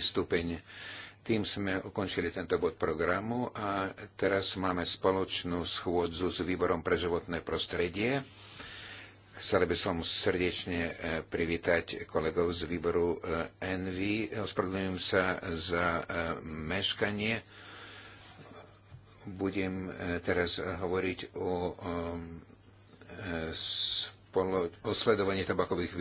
stupeň. Tým sme ukončili tento bod programu a teraz máme spoločnú schôdzu s Výborom pre životné prostredie. Chcel by som srdečne e, privítať kolegov z výboru e, NV. Ospravedlňujem sa za e, meškanie. Budem teraz hovoriť o sledovanie tabakových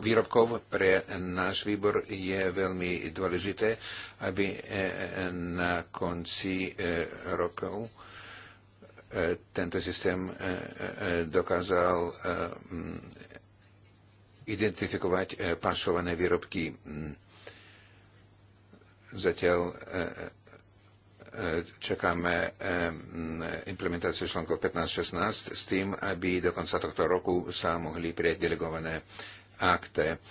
výrobkov pre náš výbor je veľmi dôležité, aby e, na konci e, rokov e, tento systém dokázal mm, identifikovať pašované výrobky. Mm. Zatiaľ čakáme eh, mm, implementáciu článkov 15-16 s tým, aby do konca tohto roku sa mohli prijať delegované akte.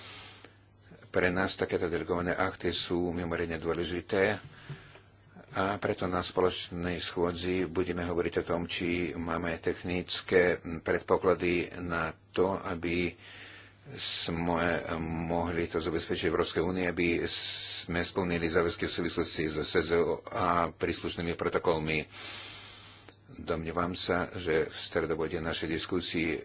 Pre nás takéto delegované akty sú mimoriadne dôležité a preto na spoločnej schôdzi budeme hovoriť o tom, či máme technické predpoklady na to, aby sme eh, mohli to zabezpečiť Európskej únie, aby sme splnili záväzky v súvislosti s SZO a príslušnými protokolmi. Domnievam sa, že v stredobode našej diskusii eh,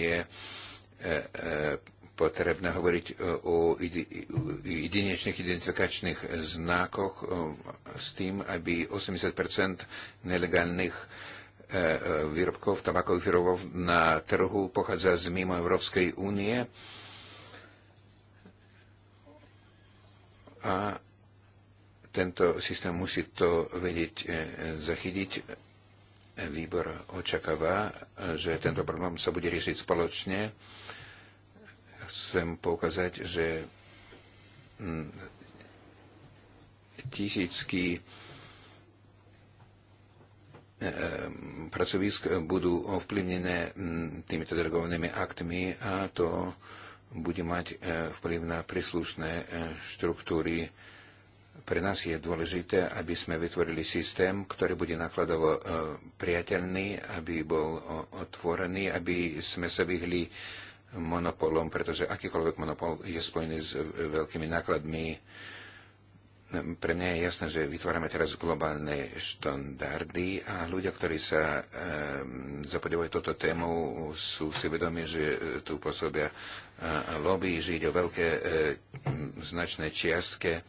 je eh, potrebné hovoriť o jedinečných identifikačných znakoch s tým, aby 80 nelegálnych E, výrobkov, tabakových výrobkov na trhu pochádza z mimo Európskej únie. A tento systém musí to vedieť e, zachytiť. Výbor očakáva, že tento problém sa bude riešiť spoločne. Chcem poukázať, že tisícky Ehm, pracovisk budú ovplyvnené mm, týmito delegovanými aktmi a to bude mať e, vplyv na príslušné e, štruktúry. Pre nás je dôležité, aby sme vytvorili systém, ktorý bude nakladovo e, priateľný, aby bol otvorený, aby sme sa vyhli monopolom, pretože akýkoľvek monopol je spojený s veľkými nákladmi pre mňa je jasné, že vytvárame teraz globálne štandardy a ľudia, ktorí sa e, ehm, zapodívajú toto tému, sú si vedomi, že e, tu pôsobia lobby, že ide o veľké e, značné čiastke.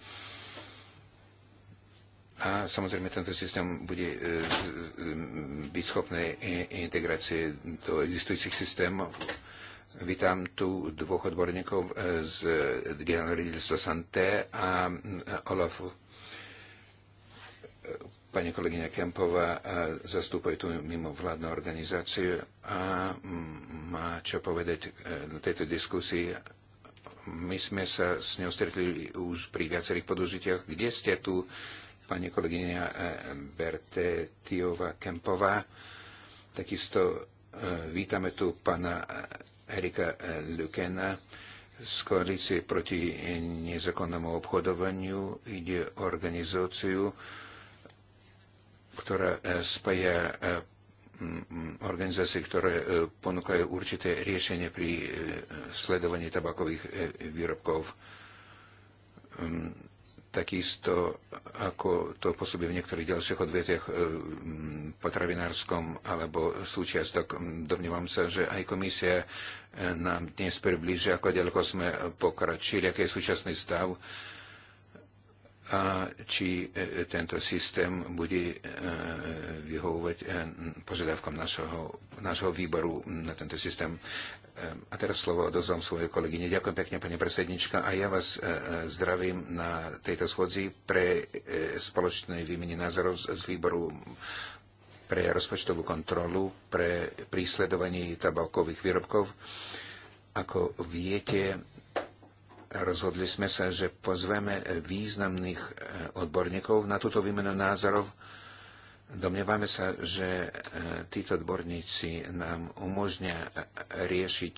A samozrejme tento systém bude e, byť schopný integrácie do existujúcich systémov Vítam tu dvoch odborníkov e, z generálneho Santé a e, Olafu. E, pani kolegyňa Kempová zastupuje tu mimo vládnu organizáciu a má čo povedať na tejto diskusii. My sme sa s ňou stretli už pri viacerých podužitiach. Kde ste tu, pani kolegyňa Berte Tiova Kempová? Takisto vítame tu pana. Erika eh, Lukena eh, z koalície proti eh, nezákonnému obchodovaniu. Ide o organizáciu, ktorá spája organizácie, ktoré ponúkajú určité riešenie pri sledovaní tabakových výrobkov mm, takisto ako to pôsobí v niektorých ďalších odvetiach e, potravinárskom alebo súčiastok. Domnívam sa, že aj komisia e, nám dnes približí, ako ďaleko sme pokračili, aký je súčasný stav a či e, e, tento systém bude e, vyhovovať požiadavkom našeho našeho výboru na tento systém. A teraz slovo odozdám svojej kolegyne. Ďakujem pekne, pani predsednička. A ja vás zdravím na tejto schodzi pre spoločnej výmeny názorov z výboru pre rozpočtovú kontrolu, pre prísledovanie tabakových výrobkov. Ako viete, Rozhodli sme sa, že pozveme významných e, odborníkov na túto výmenu názorov. Domnievame sa, že e, títo odborníci nám umožnia e, riešiť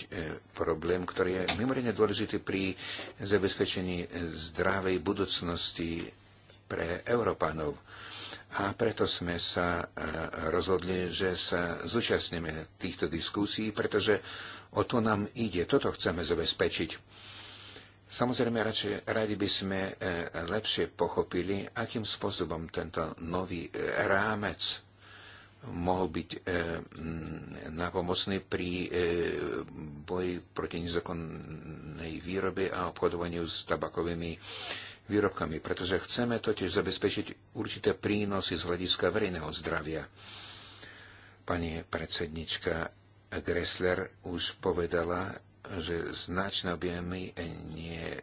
problém, ktorý je mimoriadne dôležitý pri zabezpečení zdravej budúcnosti pre Európanov. A preto sme sa rozhodli, že sa zúčastníme týchto diskusí, pretože o to nám ide, toto chceme zabezpečiť. Samozrejme, radšej, radi by sme e, lepšie pochopili, akým spôsobom tento nový e, rámec mohol byť e, napomocný pri boji proti nezakonnej výrobe a obchodovaniu s tabakovými výrobkami, pretože chceme totiž zabezpečiť určité prínosy z hľadiska verejného zdravia. Pani predsednička Gressler už povedala, že značné objemy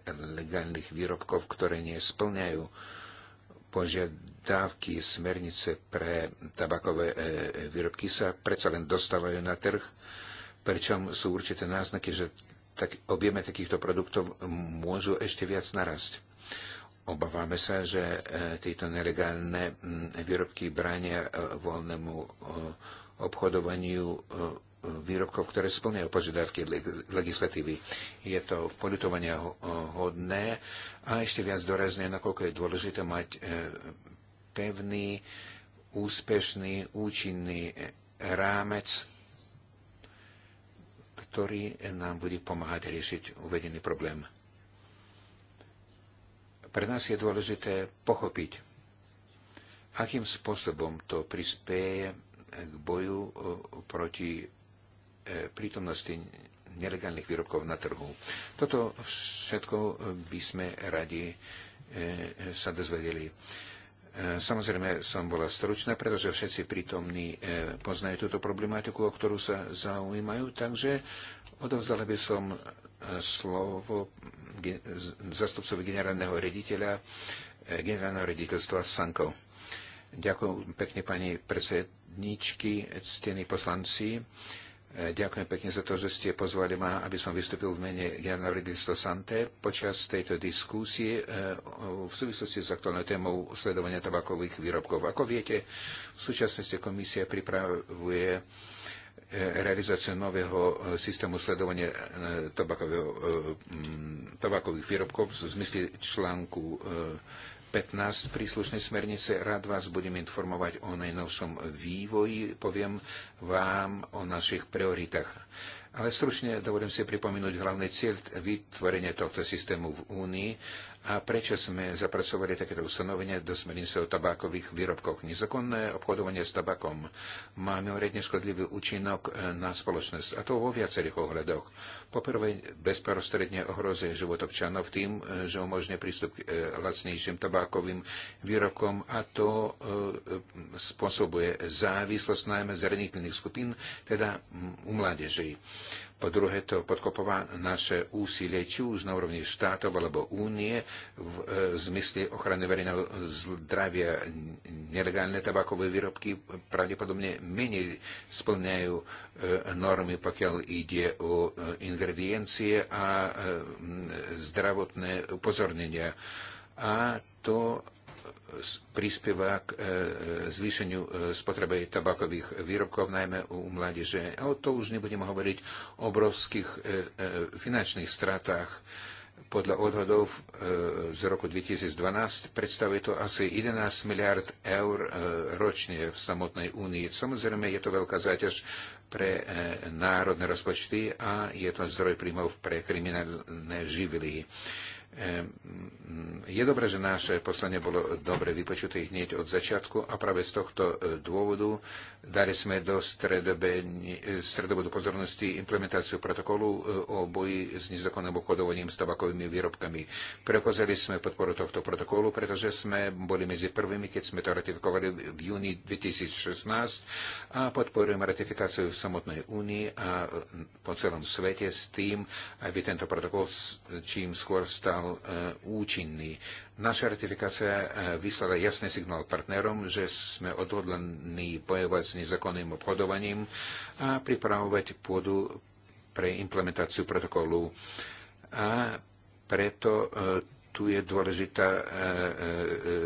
nelegálnych výrobkov, ktoré nesplňajú požiadavky smernice pre tabakové e, výrobky, sa predsa len dostávajú na trh, pričom sú určité náznaky, že tak objeme takýchto produktov môžu ešte viac narasť. Obávame sa, že e, tieto nelegálne výrobky bránia e, voľnému obchodovaniu výrobkov, ktoré splňajú požiadavky legislatívy. Je to politovania hodné a ešte viac dorazne, nakoľko je dôležité mať e, pevný, úspešný, účinný e, rámec, ktorý nám bude pomáhať riešiť uvedený problém. Pre nás je dôležité pochopiť, akým spôsobom to prispieje k boju e, proti E, prítomnosti nelegálnych výrobkov na trhu. Toto všetko by sme radi e, sa dozvedeli. E, samozrejme, som bola stručná, pretože všetci prítomní poznajú túto problematiku, o ktorú sa zaujímajú, takže odovzdala by som slovo zastupcovi generálneho rediteľa, generálneho rediteľstva Sanko. Ďakujem pekne pani predsedničky, ctení poslanci. E, ďakujem pekne za to, že ste pozvali ma, aby som vystúpil v mene Jana Registo Sante počas tejto diskusie e, v súvislosti s aktuálnou témou sledovania tabakových výrobkov. Ako viete, v súčasnosti komisia pripravuje e, realizáciu nového systému sledovania tabakových výrobkov v zmysle článku 15 príslušnej smernice. Rád vás budem informovať o najnovšom vývoji, poviem vám o našich prioritách. Ale stručne dovolím si pripomenúť hlavný cieľ vytvorenia tohto systému v Únii a prečo sme zapracovali takéto ustanovenie do smernice o tabakových výrobkoch? Nezakonné obchodovanie s tabakom má mimoriadne škodlivý účinok na spoločnosť, a to vo viacerých ohľadoch. Poprvé, bezprostredne ohrozuje život občanov tým, že umožňuje prístup k e, lacnejším tabákovým výrobkom a to e, spôsobuje závislosť najmä zraniteľných skupín, teda u mládeží. Po druhé, to podkopová naše úsilie, či už na úrovni štátov alebo únie, v e, zmysle ochrany verejného zdravia. Nelegálne tabakové výrobky pravdepodobne menej splňajú e, normy, pokiaľ ide o e, ingrediencie a e, zdravotné upozornenia. A to prispieva k e, e, zvýšeniu e, spotreby tabakových výrobkov, najmä u mládeže. A o to už nebudem hovoriť o obrovských finančných stratách. Podľa odhodov z roku 2012 predstavuje to asi 11 miliard eur ročne v samotnej únii. Samozrejme, je to veľká záťaž pre národné rozpočty a je to zdroj príjmov pre kriminálne živily. Ehm, je dobré, že naše poslanie bolo dobre vypočuté hneď od začiatku a práve z tohto e, dôvodu Dali sme do stredobodu pozornosti implementáciu protokolu eh, o boji s nezakonným obchodovaním s tabakovými výrobkami. Prekozali sme podporu tohto protokolu, pretože sme boli medzi prvými, keď sme to ratifikovali v júni 2016 a podporujeme ratifikáciu v samotnej únii a eh, po celom svete s tým, aby tento protokol čím skôr stal eh, účinný. Naša ratifikácia e, vyslala jasný signál partnerom, že sme odhodlení bojovať s nezakonným obchodovaním a pripravovať pôdu pre implementáciu protokolu. A preto e, tu je dôležitá, e,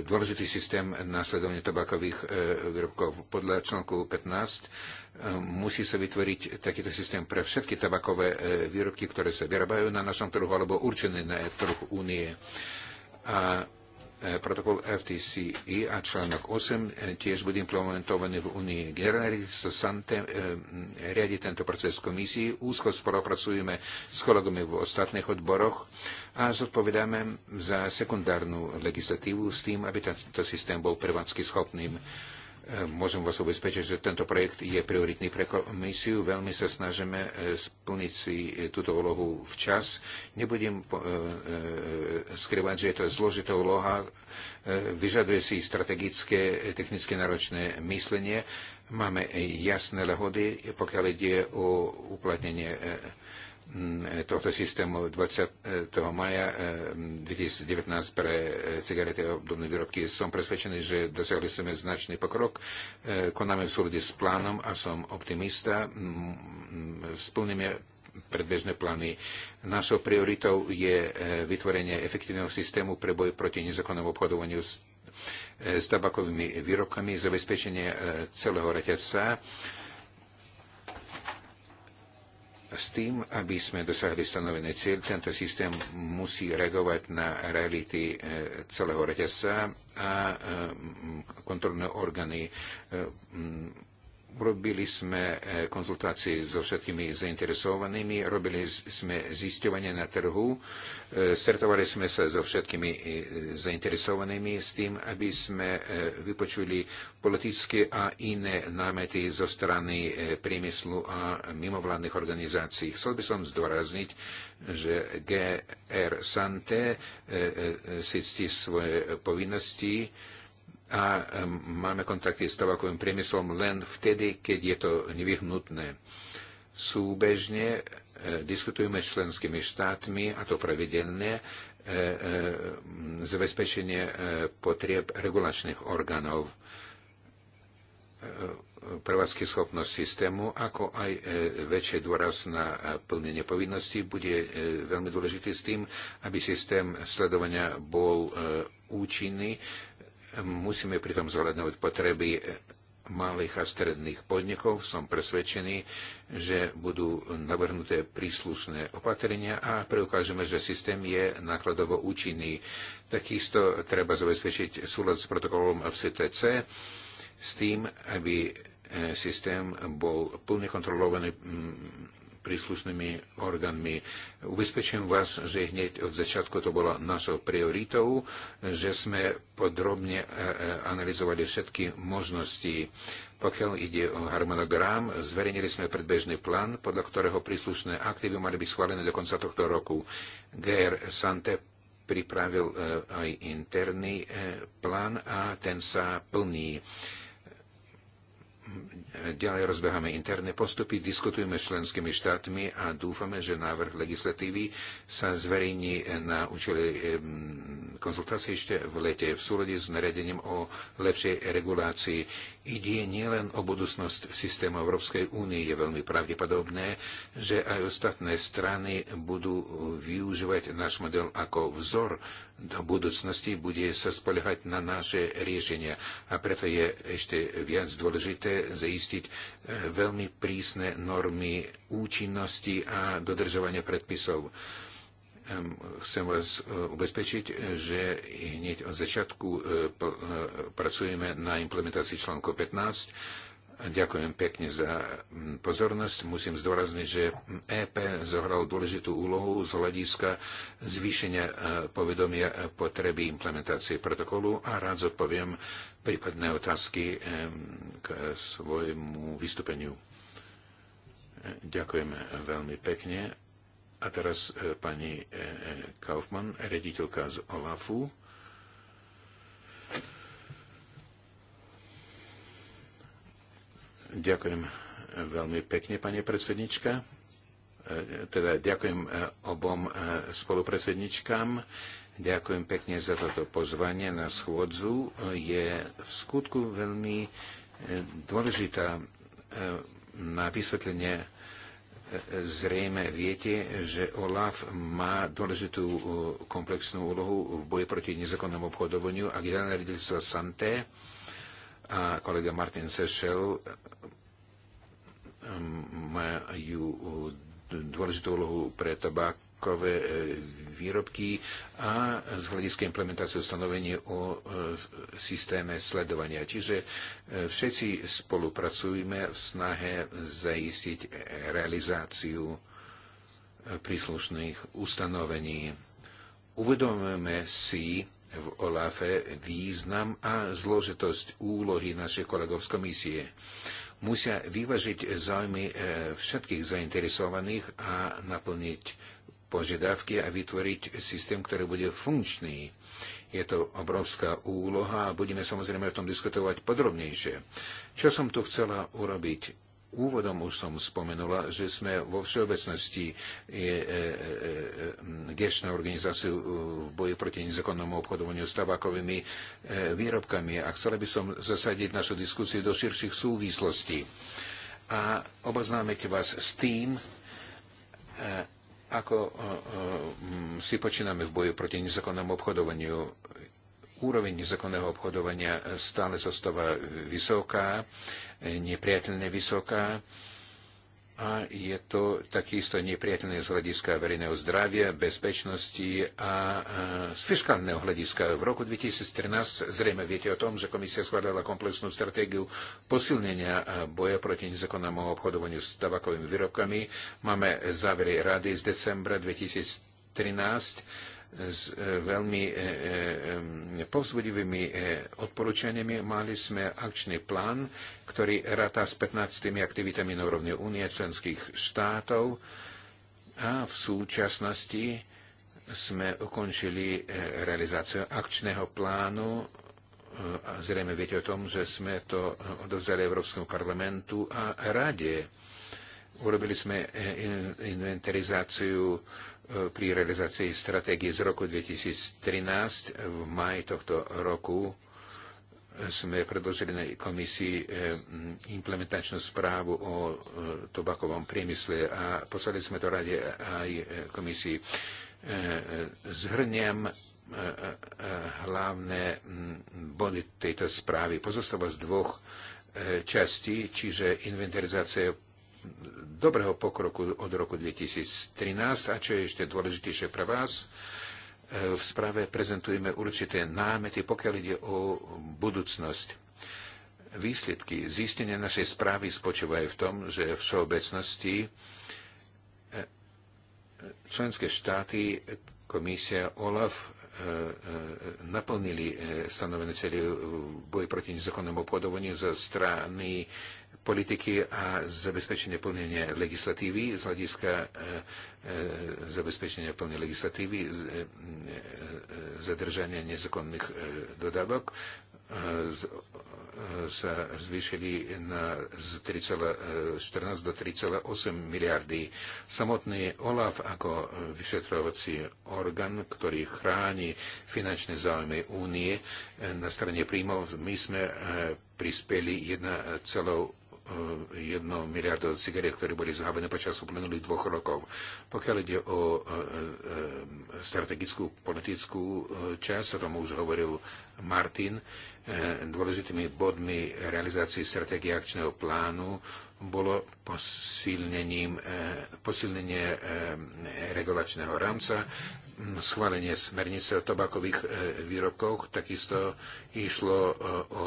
dôležitý systém následovania tabakových výrobkov. Podľa článku 15 musí sa vytvoriť takýto systém pre všetky tabakové výrobky, ktoré sa vyrábajú na našom trhu alebo určené na trhu únie a e, protokol FTCE, a článok 8 e, tiež bude implementovaný v Unii. Generális so Sante e, riadi tento proces komisii. Úzko spolupracujeme s kolegami v ostatných odboroch a zodpovedáme za sekundárnu legislatívu s tým, aby tento systém bol prevádzky schopným. Môžem vás ubezpečiť, že tento projekt je prioritný pre komisiu. Veľmi sa snažíme e, splniť si e, túto úlohu včas. Nebudem e, skrývať, že je to zložitá úloha. Vyžaduje si strategické, technické náročné myslenie. Máme jasné lehody, pokiaľ ide o uplatnenie Mm, tohto systému 20. E, maja 2019 e, pre e, cigarety a obdobné výrobky. Som presvedčený, že dosiahli sme značný pokrok. Konáme v súlade s plánom a som optimista. Mm, mm, splníme predbežné plány. Našou prioritou je vytvorenie efektívneho systému pre boj proti nezakonnému obchodovaniu s tabakovými výrobkami, zabezpečenie celého reťazca s tým, aby sme dosahli stanovený cieľ, tento systém musí reagovať na reality e, celého reťazca a e, kontrolné orgány e, Urobili sme e, konzultácie so všetkými zainteresovanými, robili sme zisťovanie na trhu, e, stretovali sme sa so všetkými e, zainteresovanými s tým, aby sme vypočuli politické a iné námety zo strany priemyslu a mimovládnych organizácií. Chcel by som zdôrazniť, že GR Sante si ctí svoje povinnosti, a máme kontakty s tabakovým priemyslom len vtedy, keď je to nevyhnutné. Súbežne e, diskutujeme s členskými štátmi, a to pravidelne, e, e, zabezpečenie potrieb regulačných orgánov prevádzky schopnosť systému, ako aj väčšie dôraz na plnenie povinností bude veľmi dôležitý s tým, aby systém sledovania bol účinný Musíme pritom zohľadňovať potreby malých a stredných podnikov. Som presvedčený, že budú navrhnuté príslušné opatrenia a preukážeme, že systém je nákladovo účinný. Takisto treba zabezpečiť súľad s protokolom FCTC s tým, aby e, systém bol plne kontrolovaný príslušnými orgánmi. Ubezpečím vás, že hneď od začiatku to bola našou prioritou, že sme podrobne e, e, analyzovali všetky možnosti. Pokiaľ ide o harmonogram, zverejnili sme predbežný plán, podľa ktorého príslušné akty by mali byť schválené do konca tohto roku. GR Sante pripravil e, aj interný plán a ten sa plní Ďalej rozbehame interné postupy, diskutujeme s členskými štátmi a dúfame, že návrh legislatívy sa zverejní na účely konzultácie ešte v lete v súrode s naredením o lepšej regulácii ide nielen o budúcnosť systému Európskej únie. Je veľmi pravdepodobné, že aj ostatné strany budú využívať náš model ako vzor do budúcnosti, bude sa spoliehať na naše riešenia. A preto je ešte viac dôležité zaistiť e, veľmi prísne normy účinnosti a dodržovania predpisov. Ehm, chcem vás e, ubezpečiť, e, že hneď od začiatku e, pracujeme na implementácii článku 15. Ďakujem pekne za pozornosť. Musím zdôrazniť, že EP zohral dôležitú úlohu z hľadiska zvýšenia povedomia potreby implementácie protokolu a rád zodpoviem prípadné otázky ehm, k svojmu vystúpeniu. Ďakujem veľmi pekne. A teraz e, pani e, e, Kaufmann, rediteľka z OLAFu. Ďakujem veľmi pekne, pani predsednička. Teda ďakujem obom spolupredsedničkám. Ďakujem pekne za toto pozvanie na schôdzu. Je v skutku veľmi dôležitá na vysvetlenie zrejme viete, že OLAF má dôležitú e, komplexnú úlohu v boji proti nezákonnému obchodovaniu a generálne riaditeľstvo Santé a kolega Martin Sešel e, majú dôležitú úlohu pre tabak, tabakové e, výrobky a z hľadiska implementácie stanovenie o e, systéme sledovania. Čiže e, všetci spolupracujeme v snahe zaistiť realizáciu príslušných ustanovení. Uvedomujeme si v OLAFe význam a zložitosť úlohy našich kolegov z komisie musia vyvažiť záujmy všetkých zainteresovaných a naplniť požiadavky a vytvoriť systém, ktorý bude funkčný. Je to obrovská úloha a budeme samozrejme o tom diskutovať podrobnejšie. Čo som tu chcela urobiť? Úvodom už som spomenula, že sme vo všeobecnosti e, e, e, gešná organizáciu e, v boji proti nezakonnému obchodovaniu s tabakovými e, výrobkami a chcela by som zasadiť našu diskusiu do širších súvislostí a oboznámiť vás s tým, e, ako e, e, si počíname v boju proti nezakonnému obchodovaniu. Úroveň nezakonného obchodovania stále zostáva vysoká, e, nepriateľne vysoká a je to takisto nepriateľné z hľadiska verejného zdravia, bezpečnosti a z fiskálneho hľadiska. V roku 2013 zrejme viete o tom, že komisia skladala komplexnú stratégiu posilnenia boja proti nezakonnému obchodovaniu s tabakovými výrobkami. Máme závery rady z decembra 2013 s e, veľmi e, e, povzbudivými odporúčaniami. Mali sme akčný plán, ktorý ráta s 15 aktivitami na úrovni únie členských štátov a v súčasnosti sme ukončili realizáciu akčného plánu a zrejme viete o tom, že sme to odovzali Európskom parlamentu a rade. Urobili sme inventarizáciu E, pri realizácii stratégie z roku 2013. V maji tohto roku sme predložili na komisii e, implementačnú správu o e, tobakovom priemysle a poslali sme to rade aj komisii. Zhrniem hlavné body tejto správy. Pozostáva z dvoch časti, čiže inventarizácia dobrého pokroku od roku 2013 a čo je ešte dôležitejšie pre vás, e, v správe prezentujeme určité námety, pokiaľ ide o budúcnosť. Výsledky zistenia našej správy spočívajú v tom, že v všeobecnosti e, členské štáty, komisia OLAF e, naplnili stanovené cieľe boj boji proti nezakonnému podovaniu zo strany politiky a zabezpečenie plnenia legislatívy, z hľadiska e, e, zabezpečenia plnenia legislatívy, e, zadržania nezákonných dodávok sa zvýšili na z 3,14 do 3,8 miliardy. Samotný OLAF ako vyšetrovací orgán, ktorý chráni finančné záujmy únie na strane príjmov, my sme prispeli 1 eh, miliardu cigariet, ktoré boli zhábené počas uplynulých dvoch rokov. Pokiaľ ide o eh, eh, strategickú politickú časť, o tom už hovoril Martin, dôležitými bodmi realizácií stratégie akčného plánu bolo posilnením, posilnenie regulačného rámca, schválenie smernice o tobakových e, výrobkoch. Takisto išlo e, o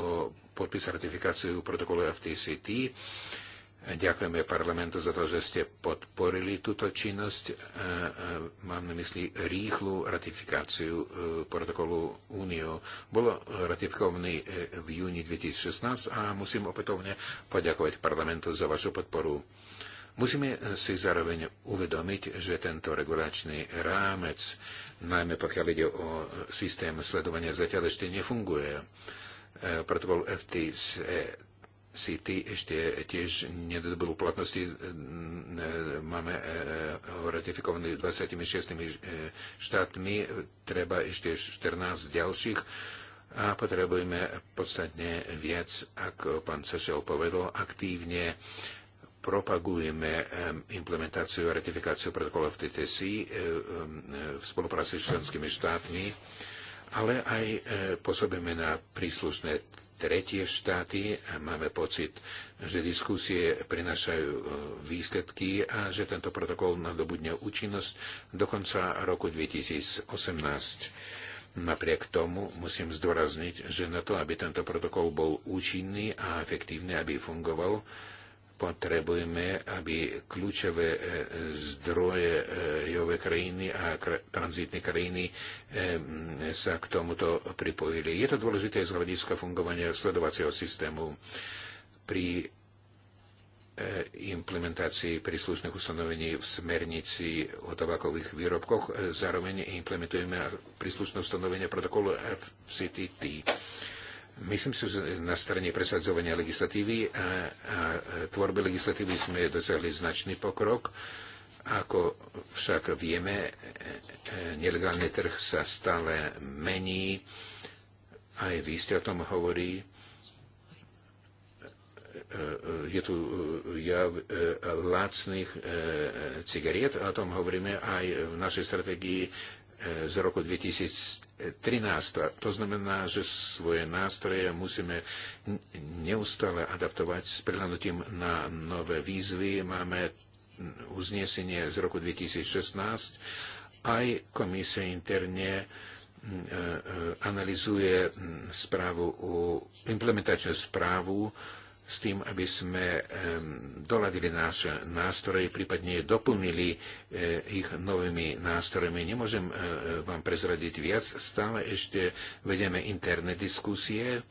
podpis ratifikáciu protokolu FTCT. Ďakujeme parlamentu za to, že ste podporili túto činnosť. E, mám na mysli rýchlu ratifikáciu protokolu Únio. Bolo ratifikovaný v júni 2016 a musím opätovne poďakovať parlamentu za vašu podporu. Musíme si zároveň uvedomiť, že tento regulačný rámec, najmä pokiaľ ide o systém sledovania, zatiaľ ešte nefunguje. E, protokol FTCT ešte tiež nedobudol platnosti. E, e, máme ho ratifikovaný 26 štátmi, treba ešte 14 ďalších a potrebujeme podstatne viac, ako pán Sešel povedal, aktívne propagujeme implementáciu a ratifikáciu protokolov TTC v spolupráci s členskými štátmi, ale aj pôsobíme na príslušné tretie štáty a máme pocit, že diskusie prinášajú výsledky a že tento protokol nadobudne účinnosť do konca roku 2018. Napriek tomu musím zdôrazniť, že na to, aby tento protokol bol účinný a efektívny, aby fungoval, potrebujeme, aby kľúčové e, zdroje e, jove krajiny a tranzitné krajiny e, sa k tomuto pripojili. Je to dôležité z hľadiska fungovania sledovacieho systému pri implementácii príslušných ustanovení v smernici o tabakových výrobkoch. Zároveň implementujeme príslušné ustanovenia protokolu FCTT Myslím si, že na strane presadzovania legislatívy a, a tvorby legislatívy sme dosiahli značný pokrok. Ako však vieme, e, e, nelegálny trh sa stále mení. Aj vy ste o tom hovorí. E, je tu jav lacných cigariet, o tom hovoríme aj v našej strategii E, z roku 2013. To znamená, že svoje nástroje musíme neustále adaptovať s prihľadnutím na nové výzvy. Máme uznesenie z roku 2016. Aj komisia interne e, e, analizuje správu o implementačnú správu s tým, aby sme doladili naše nástroje, prípadne doplnili e, ich novými nástrojmi. Nemôžem e, vám prezradiť viac, stále ešte vedeme interné diskusie,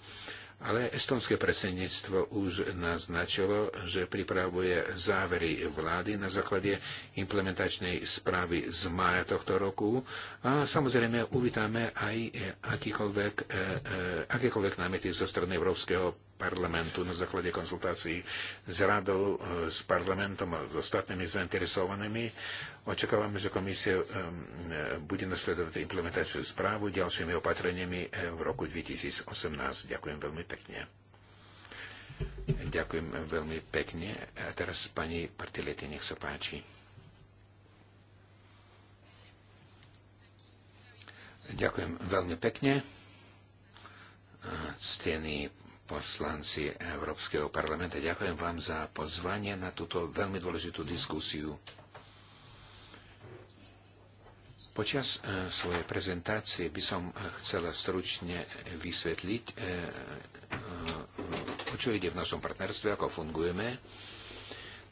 ale estonské predsedníctvo už naznačilo, že pripravuje závery vlády na základe implementačnej správy z mája tohto roku a samozrejme uvítame aj e, akýkoľvek, akékoľvek námety zo strany Európskeho parlamentu na základe konzultácií s radou, e, s parlamentom a s ostatnými zainteresovanými. Očakávame, že komisia e, e, bude nasledovať implementačnú správu ďalšími opatreniami v roku 2018. Ďakujem veľmi pekne. Ďakujem veľmi pekne. A teraz pani Partilety, nech sa páči. Ďakujem veľmi pekne. Ctený poslanci Európskeho parlamenta. Ďakujem vám za pozvanie na túto veľmi dôležitú diskusiu. Počas e, svojej prezentácie by som e, chcela stručne vysvetliť, e, o čo ide v našom partnerstve, ako fungujeme.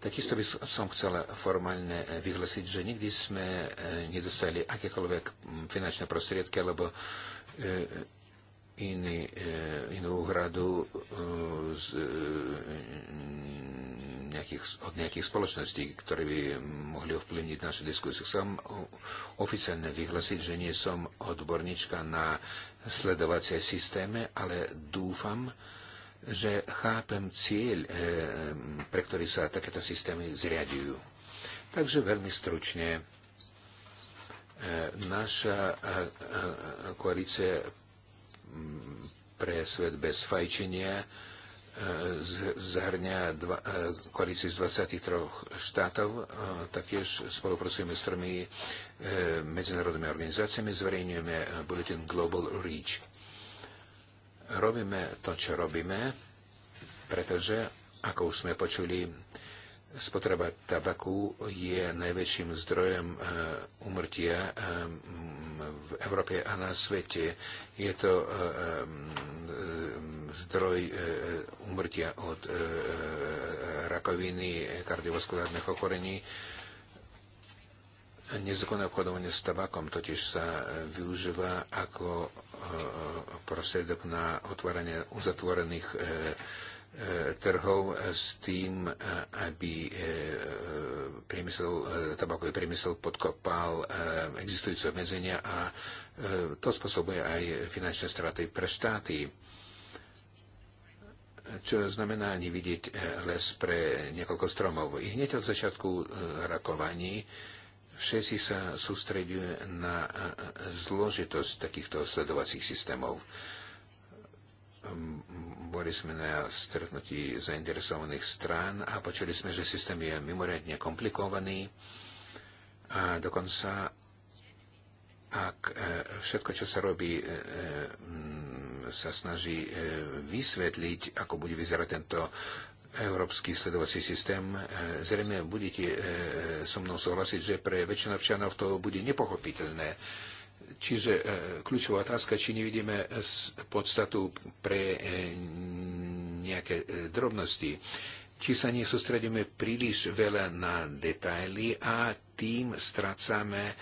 Takisto by som chcela formálne vyhlasiť, že nikdy sme nedostali akékoľvek finančné prostriedky lebo iný, e, inú úhradu e, z e, nejakých, od nejakých spoločností, ktoré by mohli ovplyvniť našu diskusiu. Chcem oficiálne vyhlasiť, že nie som odborníčka na sledovacie systéme, ale dúfam, že chápem cieľ, pre ktorý sa takéto systémy zriadujú. Takže veľmi stručne naša koalícia pre svet bez fajčenia e, zhrňa dva, e, z 23 štátov. E, taktiež spolupracujeme s tromi medzinárodnými organizáciami, zverejňujeme bulletin Global Reach. Robíme to, čo robíme, pretože, ako už sme počuli, spotreba tabaku je najväčším zdrojem umrtia v Európe a na svete. Je to e, e, e, zdroj umrtia od rakoviny, kardiovaskulárnych ochorení. Nezákonné obchodovanie s tabakom totiž sa využíva ako prostriedok na otváranie uzatvorených trhov s tým, e, aby e, priemysel, e, tabakový priemysel podkopal existujúce obmedzenia a to spôsobuje aj finančné straty pre štáty čo znamená nevidieť les pre niekoľko stromov. I hneď od začiatku rakovaní všetci sa sústredujú na zložitosť takýchto sledovacích systémov boli sme na stretnutí zainteresovaných strán a počuli sme, že systém je mimoriadne komplikovaný a dokonca ak e, všetko, čo sa robí, e, e, mm, sa snaží vysvetliť, ako bude vyzerať tento európsky sledovací systém, zrejme budete so mnou súhlasiť, že pre väčšinu občanov to bude nepochopiteľné Čiže e, kľúčová otázka, či nevidíme e, podstatu pre e, nejaké drobnosti, či sa nesústredíme príliš veľa na detaily a tým strácame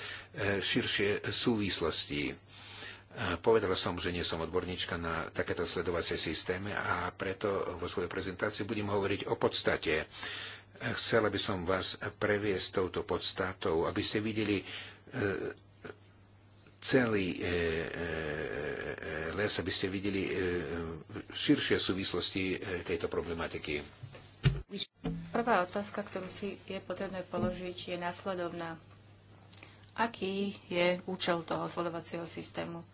širšie súvislosti. Povedal som, že nie som odborníčka na takéto sledovacie systémy a preto vo svojej prezentácii budem hovoriť o podstate. Chcela by som vás previesť touto podstatou, aby ste videli celý e, e, e, les, aby ste videli širšie súvislosti tejto problematiky. Prvá otázka, ktorú si je potrebné položiť, je následovná. Aký je účel toho sledovacieho systému?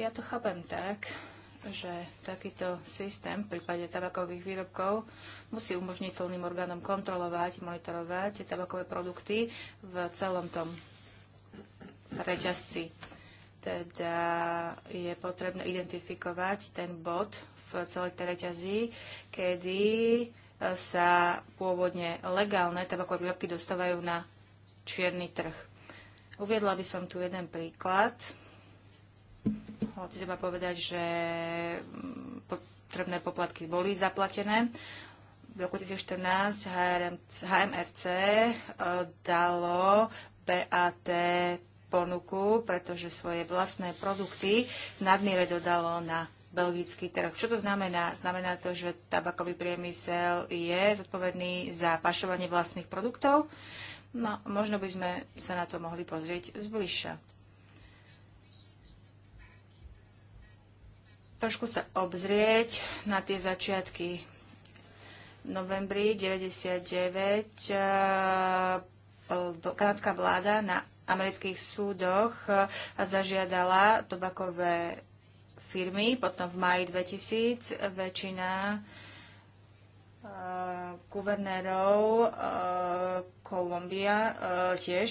Ja to chápem tak, že takýto systém v prípade tabakových výrobkov musí umožniť celným orgánom kontrolovať, monitorovať tabakové produkty v celom tom reťazci. Teda je potrebné identifikovať ten bod v celej tej reťazi, kedy e, sa pôvodne legálne tabakové výrobky dostávajú na čierny trh. Uviedla by som tu jeden príklad. Hoci treba povedať, že mm, potrebné poplatky boli zaplatené. V roku 2014 HMRC e, dalo BAT ponuku, pretože svoje vlastné produkty nadmíre dodalo na belgický trh. Čo to znamená? Znamená to, že tabakový priemysel je zodpovedný za pašovanie vlastných produktov? No, možno by sme sa na to mohli pozrieť zbližšia. Trošku sa obzrieť na tie začiatky. novembri 99 eh, kanadská vláda na amerických súdoch e, zažiadala tobakové firmy. Potom v maji 2000 väčšina e, guvernérov e, Kolumbia tiež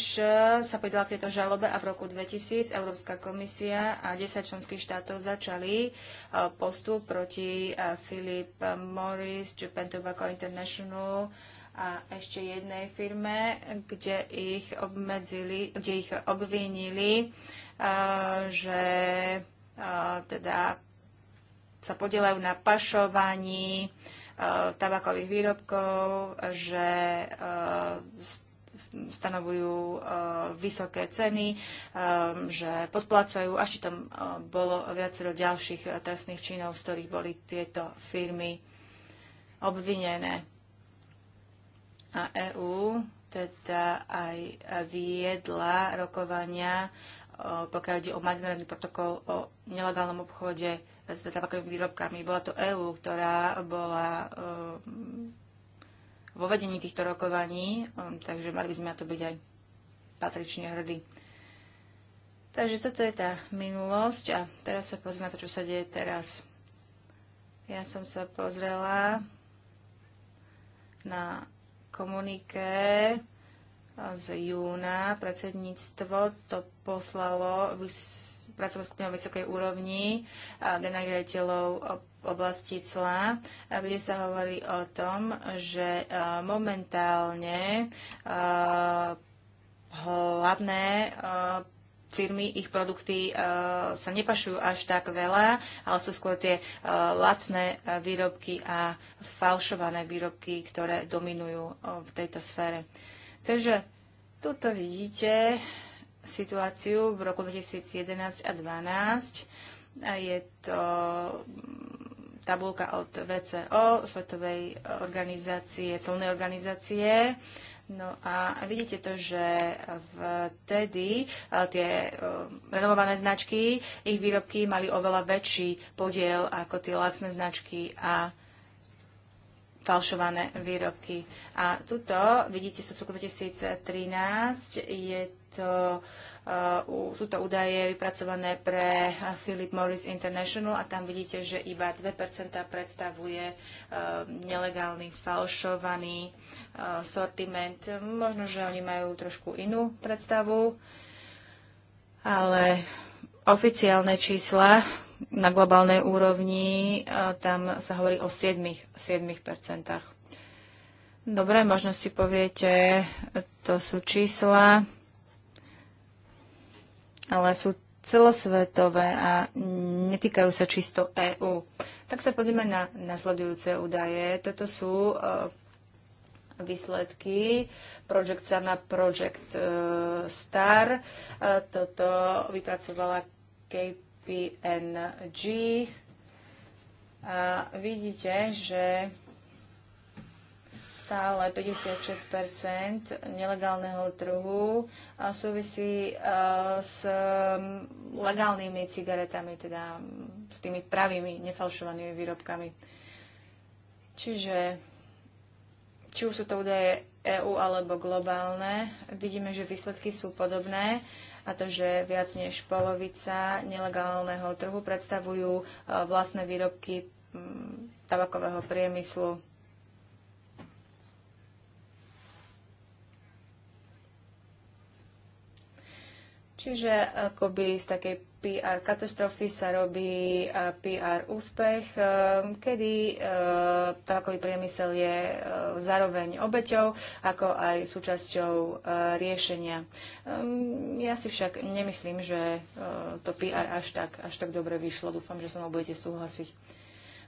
sa pridala k tejto žalobe a v roku 2000 Európska komisia a 10 členských štátov začali postup proti Philip Morris, Japan Tobacco International, a ešte jednej firme, kde ich obmedzili, kde ich obvinili, že teda sa podielajú na pašovaní tabakových výrobkov, že stanovujú vysoké ceny, že podplacajú, až tam bolo viacero ďalších trestných činov, z ktorých boli tieto firmy obvinené a EÚ teda aj viedla rokovania, pokiaľ ide o medzinárodný protokol o nelegálnom obchode s tabakovými výrobkami. Bola to EÚ, ktorá bola vo vedení týchto rokovaní, takže mali by sme na to byť aj patrične hrdí. Takže toto je tá minulosť a teraz sa pozrieme na to, čo sa deje teraz. Ja som sa pozrela na komuniké z júna predsedníctvo to poslalo pracovnú skupinu vysokej úrovni generálnych riaditeľov oblasti cla, kde sa hovorí o tom, že momentálne hlavné firmy, ich produkty e, sa nepašujú až tak veľa, ale sú skôr tie e, lacné e, výrobky a falšované výrobky, ktoré dominujú v tejto sfére. Takže tuto vidíte situáciu v roku 2011 a 2012. Je to mm, tabulka od VCO, Svetovej organizácie, celnej organizácie. No a vidíte to, že vtedy tie e, renovované značky, ich výrobky mali oveľa väčší podiel ako tie lacné značky a falšované výrobky. A tuto, vidíte sa z roku 2013, je to, uh, sú to údaje vypracované pre Philip Morris International a tam vidíte, že iba 2% predstavuje uh, nelegálny falšovaný uh, sortiment. Možno, že oni majú trošku inú predstavu, ale oficiálne čísla na globálnej úrovni, tam sa hovorí o 7, 7 Dobre, možno si poviete, to sú čísla, ale sú celosvetové a netýkajú sa čisto EÚ. Tak sa pozrieme na nasledujúce údaje. Toto sú e, výsledky Project Sana, Project e, Star. E, toto vypracovala KPNG a vidíte, že stále 56 nelegálneho trhu súvisí s legálnymi cigaretami, teda s tými pravými, nefalšovanými výrobkami. Čiže či už sú to údaje EÚ alebo globálne, vidíme, že výsledky sú podobné a to, že viac než polovica nelegálneho trhu predstavujú eh, vlastné výrobky mm, tabakového priemyslu. Čiže eh, akoby z takej PR katastrofy sa robí PR úspech, e, kedy e, tabakový priemysel je e, zároveň obeťou, ako aj súčasťou riešenia. Ehm, ja si však nemyslím, že to PR až tak, až tak dobre vyšlo. Dúfam, že sa mnou budete súhlasiť.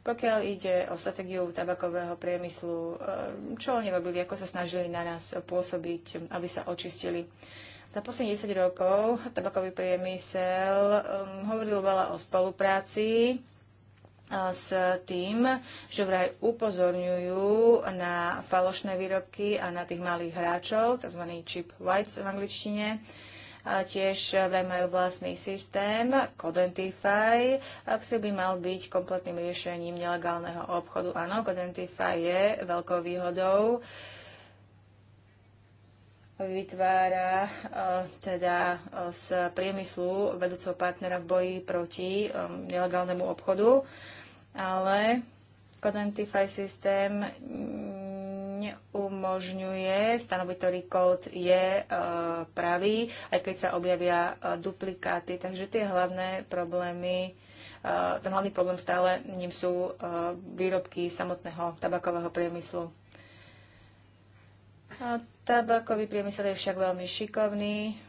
Pokiaľ ide o stratégiu tabakového priemyslu, čo oni robili, ako sa snažili na nás pôsobiť, aby sa očistili. Za posledných 10 rokov tabakový priemysel um, hovoril veľa o spolupráci s tým, že vraj upozorňujú na falošné výrobky a na tých malých hráčov, tzv. chip whites v angličtine. A tiež vraj majú vlastný systém Codentify, ktorý by mal byť kompletným riešením nelegálneho obchodu. Áno, Codentify je veľkou výhodou uh, vytvára e, teda e, z priemyslu vedúceho partnera v boji proti e, nelegálnemu obchodu, ale Codentify systém neumožňuje stanovitory kód je pravý, aj keď sa objavia duplikáty. Takže tie hlavné problémy ten hlavný problém stále ním sú výrobky samotného tabakového priemyslu. Tabakový priemysel je však veľmi šikovný.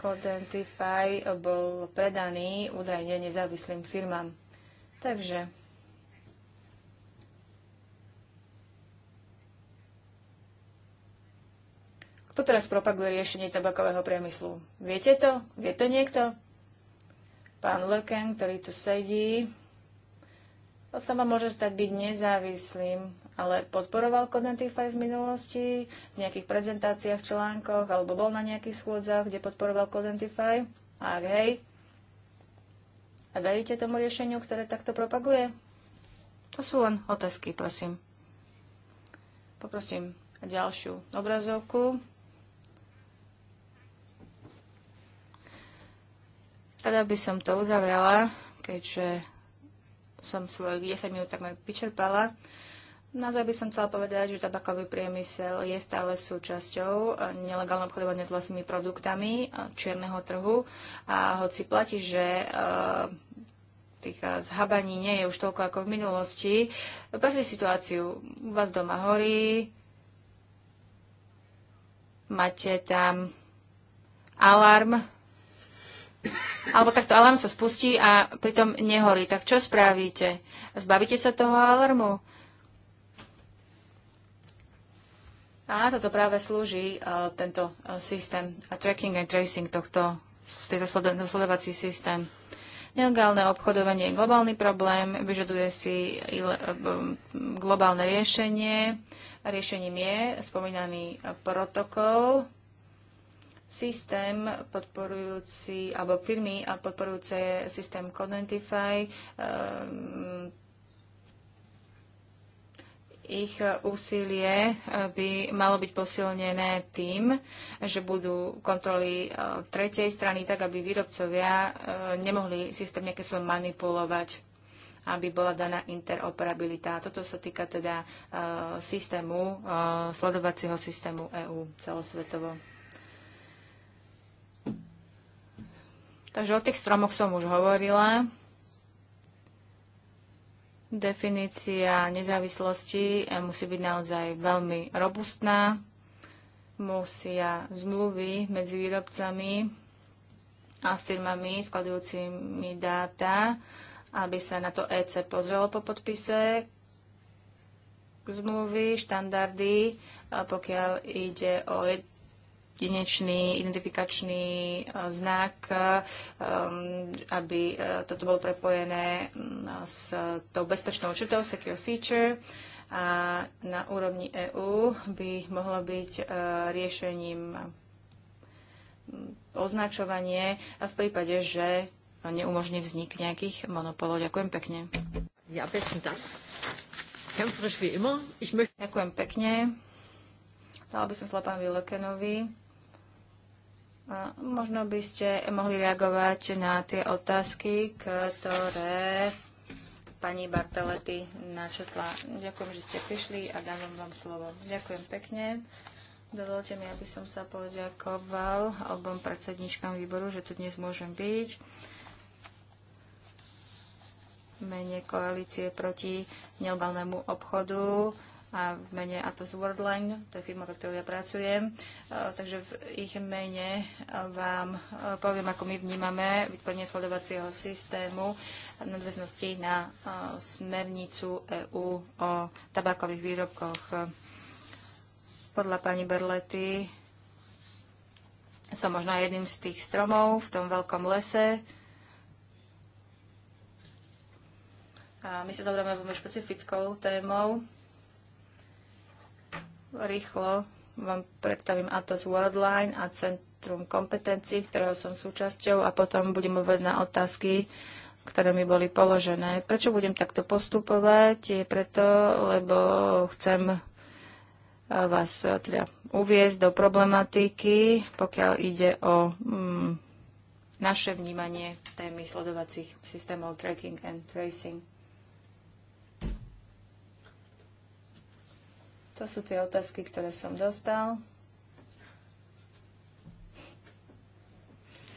Codentify bol predaný údajne nezávislým firmám. Takže Kto teraz propaguje riešenie tabakového priemyslu? Viete to? Vie to niekto? Pán Leken, ktorý tu sedí, to sa vám môže stať byť nezávislým ale podporoval Kodantify v minulosti, v nejakých prezentáciách, článkoch, alebo bol na nejakých schôdzach, kde podporoval Kodantify? A ak hej, a veríte tomu riešeniu, ktoré takto propaguje? To sú len otázky, prosím. Poprosím ďalšiu obrazovku. Rada by som to uzavrela, keďže som svojich 10 minút takmer vyčerpala. Naozaj by som chcela povedať, že tabakový priemysel je stále súčasťou e, nelegálneho obchodovania s vlastnými produktami e, čierneho trhu a hoci platí, že e, tých zhabaní nie je už toľko ako v minulosti, pozri situáciu, u vás doma horí, máte tam alarm, alebo takto alarm sa spustí a pritom nehorí. Tak čo spravíte? Zbavíte sa toho alarmu? A toto práve slúži uh, tento uh, systém, a tracking and tracing tohto, tento sledovací systém. Nelegálne obchodovanie je globálny problém, vyžaduje si e, globálne riešenie. Riešením je spomínaný protokol, systém podporujúci, alebo firmy podporujúce systém Codentify, ich eh, úsilie eh, by malo byť posilnené tým, že budú kontroly eh, tretej strany tak, aby výrobcovia nemohli systém nejaké film manipulovať aby bola daná interoperabilita. Toto sa týka teda systému, sledovacieho systému EÚ celosvetovo. Takže o tých stromoch som už hovorila. Definícia nezávislosti eh, musí byť naozaj veľmi robustná. Musia zmluvy medzi výrobcami a firmami skladujúcimi dáta, aby sa na to EC pozrelo po podpise zmluvy, štandardy, eh, pokiaľ ide o jed jedinečný identifikačný e, znak, e, um, aby e, toto bolo prepojené mm, s tou bezpečnou črtou Secure Feature a na úrovni EÚ by mohlo byť riešením mm, označovanie v prípade, že neumožní vznik nejakých monopolov. Ďakujem pekne. Ja besten Dank. Kämpferisch wie immer. Ich möchte... Ďakujem pekne. Dala by som slapám pán Vilekenovi. Možno by ste mohli reagovať na tie otázky, ktoré pani Bartelety načetla. Ďakujem, že ste prišli a dávam vám slovo. Ďakujem pekne. Dovolte mi, aby som sa poďakoval obom predsedničkám výboru, že tu dnes môžem byť. Mene koalície proti nelegálnemu obchodu a v mene Atos Worldline, to je firma, pre ktorú ja pracujem. E, takže v ich mene e, vám e, poviem, ako my vnímame vytvorenie sledovacieho systému v nadväznosti na smernicu EÚ o tabakových výrobkoch. Podľa pani Berlety som možno jedným z tých stromov v tom veľkom lese, A my sa zaoberáme veľmi špecifickou témou, rýchlo vám predstavím Atos Worldline a Centrum kompetencií, ktorého som súčasťou a potom budem hovoriť na otázky, ktoré mi boli položené. Prečo budem takto postupovať? Je preto, lebo chcem eh, vás eh, teda uviezť do problematiky, pokiaľ ide o mm, naše vnímanie témy sledovacích systémov tracking and tracing. To sú tie otázky, ktoré som dostal.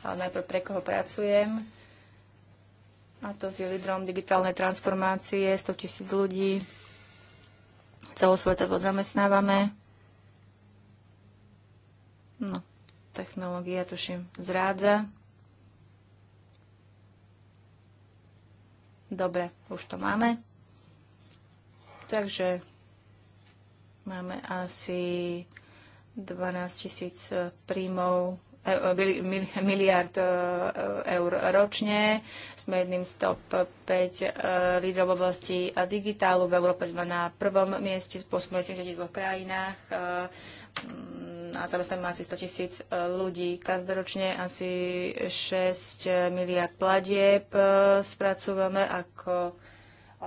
Ale najprv pre koho pracujem. A to s lídrom digitálnej transformácie, 100 tisíc ľudí. Celosvetovo zamestnávame. No, technológia, tuším, zrádza. Dobre, už to máme. Takže Máme asi 12 tisíc eh, príjmov eh, eh, miliard eur ročne. Sme jedným z top 5 lídrov v oblasti digitálu. V Európe sme na prvom mieste v 82 krajinách mm, a zamestnáme asi 100 tisíc ľudí. Každoročne asi 6 miliard platieb spracúvame ako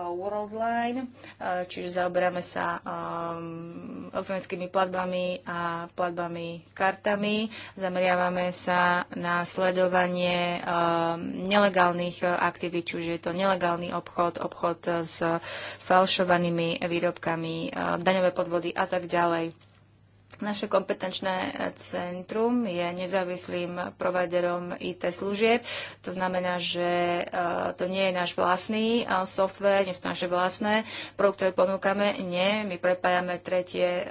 Worldline, eh, čiže zaoberáme sa um, elektronickými platbami a platbami kartami. Zameriavame sa na sledovanie um, nelegálnych aktivít, čiže je to nelegálny obchod, obchod s falšovanými výrobkami, eh, daňové podvody a tak ďalej. Naše kompetenčné e, centrum je nezávislým providerom IT služieb. To znamená, že e, to nie je náš vlastný e, software, nie sú naše vlastné produkty, ktoré ponúkame. Nie, my prepájame tretie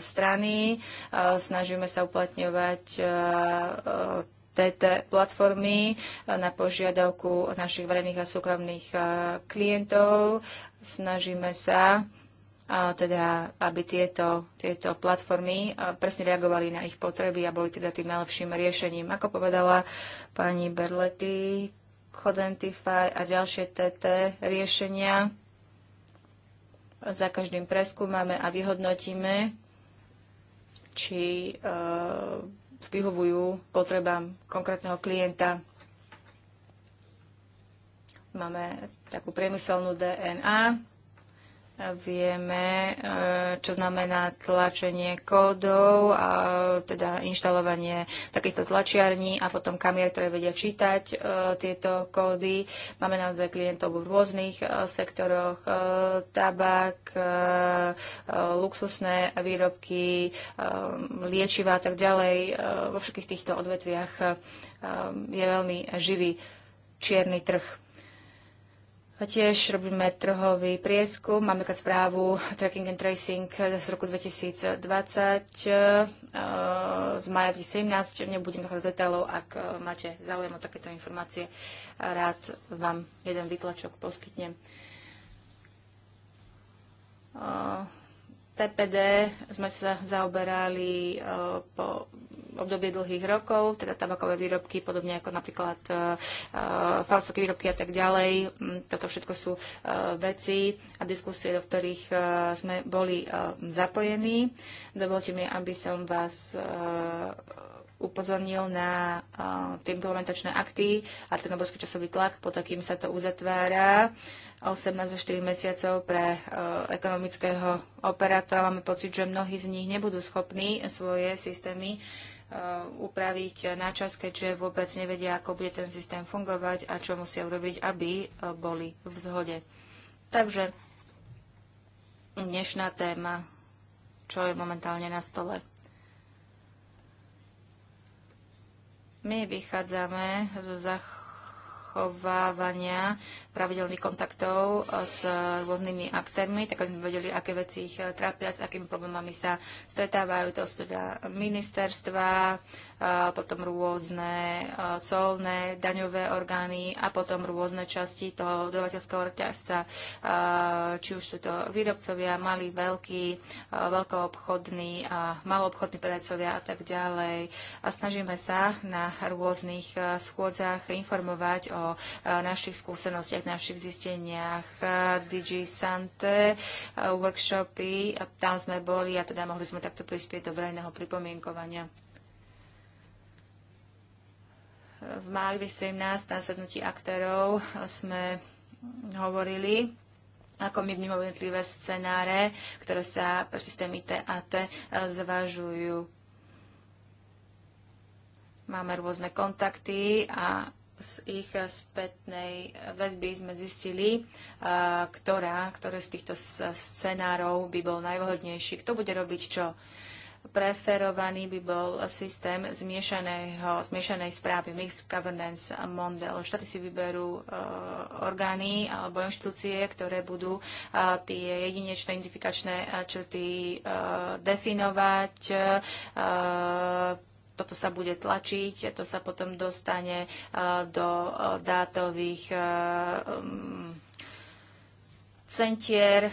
strany, snažíme sa uplatňovať TT platformy na požiadavku našich verejných a súkromných klientov. Snažíme sa a teda aby tieto, tieto platformy e, presne reagovali na ich potreby a boli teda tým najlepším riešením. Ako povedala pani Berlety, Codentify a ďalšie TT riešenia za každým preskúmame a vyhodnotíme, či e, vyhovujú potrebám konkrétneho klienta. Máme takú priemyselnú DNA, vieme, eh, čo znamená tlačenie kódov, a eh, teda inštalovanie takýchto tlačiarní a potom kamier, ktoré vedia čítať eh, tieto kódy. Máme naozaj klientov v rôznych sektoroch, tabak, luxusné výrobky, liečiva a tak ďalej. Vo všetkých týchto odvetviach je veľmi živý čierny trh. Tiež robíme trhový prieskum, máme keď správu Tracking and Tracing z roku 2020 eh, z maja 2017. Nebudem do detailov, ak eh, máte záujem o takéto informácie, rád vám jeden vytlačok poskytnem. Eh, TPD sme sa zaoberali po obdobie dlhých rokov, teda tabakové výrobky, podobne ako napríklad e, e, falcoky výrobky a tak ďalej. Mm, toto všetko sú e, veci a diskusie, do ktorých sme boli zapojení. Dovolte mi, aby som vás upozornil na tie implementačné akty a ten obrovský časový tlak, pod akým sa to uzatvára. 8 na 4 mesiacov pre uh, ekonomického operátora. Máme pocit, že mnohí z nich nebudú schopní svoje systémy Eh, upraviť na čas, keďže vôbec nevedia, ako bude ten systém fungovať a čo musia urobiť, aby eh, boli v zhode. Takže dnešná téma, čo je momentálne na stole. My vychádzame zo zach zachovávania pravidelných kontaktov eh, s rôznymi aktérmi, tak aby sme vedeli, aké veci ich eh, trápia, s akými problémami sa stretávajú. To sú teda ministerstva, potom rôzne colné, daňové orgány a potom rôzne časti toho dodavateľského reťazca, či už sú to výrobcovia, malí, veľkí, veľkoobchodní a maloobchodní predajcovia a tak ďalej. A snažíme sa na rôznych schôdzach informovať o našich skúsenostiach, našich zisteniach. DG Sante, workshopy, tam sme boli a teda mohli sme takto prispieť do verejného pripomienkovania. V máli 17 na sednutí aktérov sme hovorili ako my vnímame jednotlivé scenáre, ktoré sa pre systémy TAT e, zvažujú. Máme rôzne kontakty a z ich spätnej väzby sme zistili, e, ktorá, ktoré z týchto scenárov by bol najvhodnejší. Kto bude robiť čo? preferovaný by bol systém zmiešaného, zmiešanej správy, mixed governance model. Štáty si vyberú e, orgány alebo inštitúcie, ktoré budú e, tie jedinečné identifikačné e, črty definovať, toto sa bude tlačiť, to sa potom dostane do dátových centier.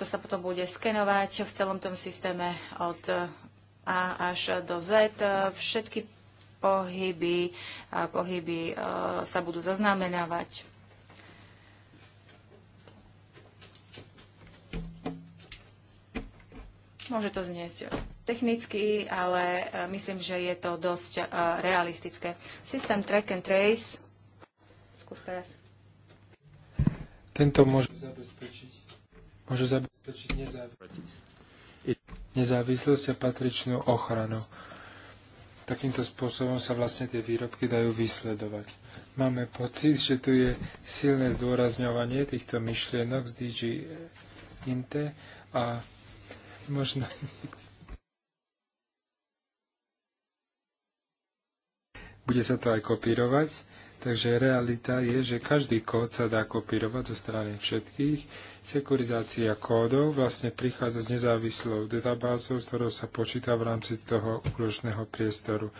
to sa potom bude skenovať v celom tom systéme od A až do Z. Všetky pohyby, pohyby e, sa budú zaznamenávať. Môže to znieť technicky, ale e, myslím, že je to dosť e, realistické. Systém track and trace. raz. Ja. Tento môže zabezpečiť, môže zabezpečiť nezávislosť, nezávislosť a patričnú ochranu. Takýmto spôsobom sa vlastne tie výrobky dajú vysledovať. Máme pocit, že tu je silné zdôrazňovanie týchto myšlienok z DG Inte a možno Bude sa to aj kopírovať, takže realita je, že každý kód sa dá kopírovať zo strany všetkých. Sekurizácia kódov vlastne prichádza z nezávislou databázou, z ktorou sa počíta v rámci toho úložného priestoru.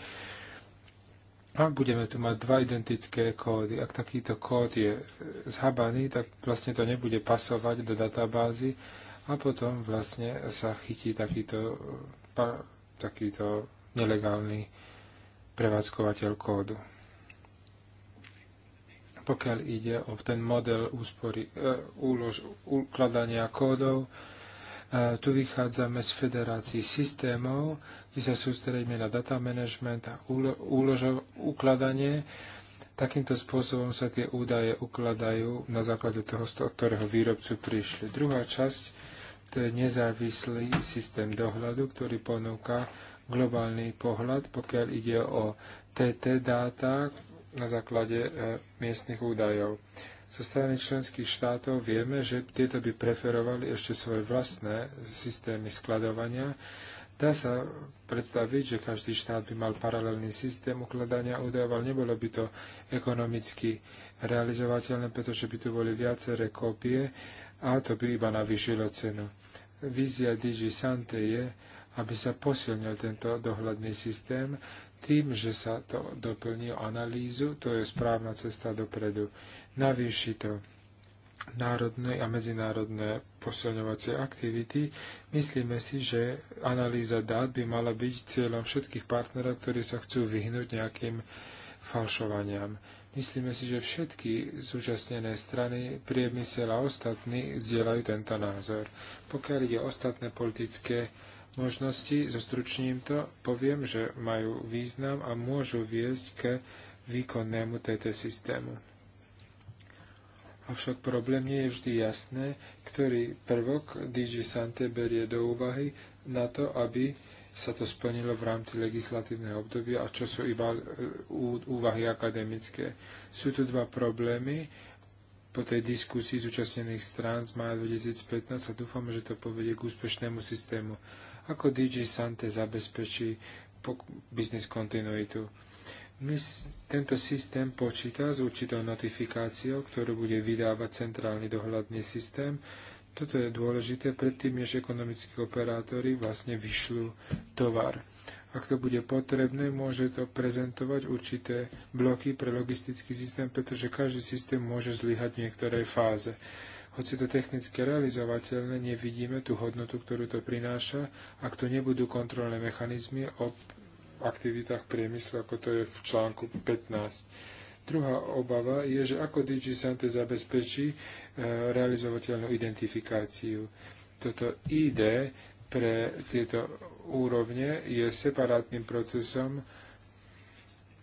A budeme tu mať dva identické kódy. Ak takýto kód je e, zhabaný, tak vlastne to nebude pasovať do databázy a potom vlastne sa chytí takýto, e, takýto nelegálny prevádzkovateľ kódu. Pokiaľ ide o ten model úspory, e, úlož, ukladania kódov, e, tu vychádzame z federácií systémov, kde sa sústredíme na data management a úložo, ukladanie. Takýmto spôsobom sa tie údaje ukladajú na základe toho, z ktorého výrobcu prišli. Druhá časť to je nezávislý systém dohľadu, ktorý ponúka globálny pohľad, pokiaľ ide o TT dáta na základe e, miestnych údajov. Zo so strany členských štátov vieme, že tieto by preferovali ešte svoje vlastné systémy skladovania. Dá sa predstaviť, že každý štát by mal paralelný systém ukladania údajov, ale nebolo by to ekonomicky realizovateľné, pretože by tu boli viaceré kópie a to by iba navýšilo cenu. Vízia DG Sante je, aby sa posilnil tento dohľadný systém tým, že sa to doplní o analýzu, to je správna cesta dopredu. Navýši to národné a medzinárodné posilňovacie aktivity, myslíme si, že analýza dát by mala byť cieľom všetkých partnerov, ktorí sa chcú vyhnúť nejakým falšovaniam. Myslíme si, že všetky zúčastnené strany, priemysel a ostatní zdieľajú tento názor. Pokiaľ ide ostatné politické možnosti, zostručním to, poviem, že majú význam a môžu viesť k výkonnému TT systému. Avšak problém nie je vždy jasné, ktorý prvok DG Sante berie do úvahy na to, aby sa to splnilo v rámci legislatívneho obdobia a čo sú iba e, úvahy akademické. Sú tu dva problémy po tej diskusii zúčastnených strán z maja 2015 a dúfam, že to povedie k úspešnému systému ako DG Sante zabezpečí biznis kontinuitu. Mys, tento systém počíta s určitou notifikáciou, ktorú bude vydávať centrálny dohľadný systém. Toto je dôležité predtým, než ekonomickí operátori vlastne vyšľú tovar. Ak to bude potrebné, môže to prezentovať určité bloky pre logistický systém, pretože každý systém môže zlyhať v niektorej fáze. Hoci to technicky realizovateľné, nevidíme tú hodnotu, ktorú to prináša, ak to nebudú kontrolné mechanizmy o aktivitách priemyslu, ako to je v článku 15. Druhá obava je, že ako DigiSante zabezpečí e, realizovateľnú identifikáciu. Toto ID pre tieto úrovne je separátnym procesom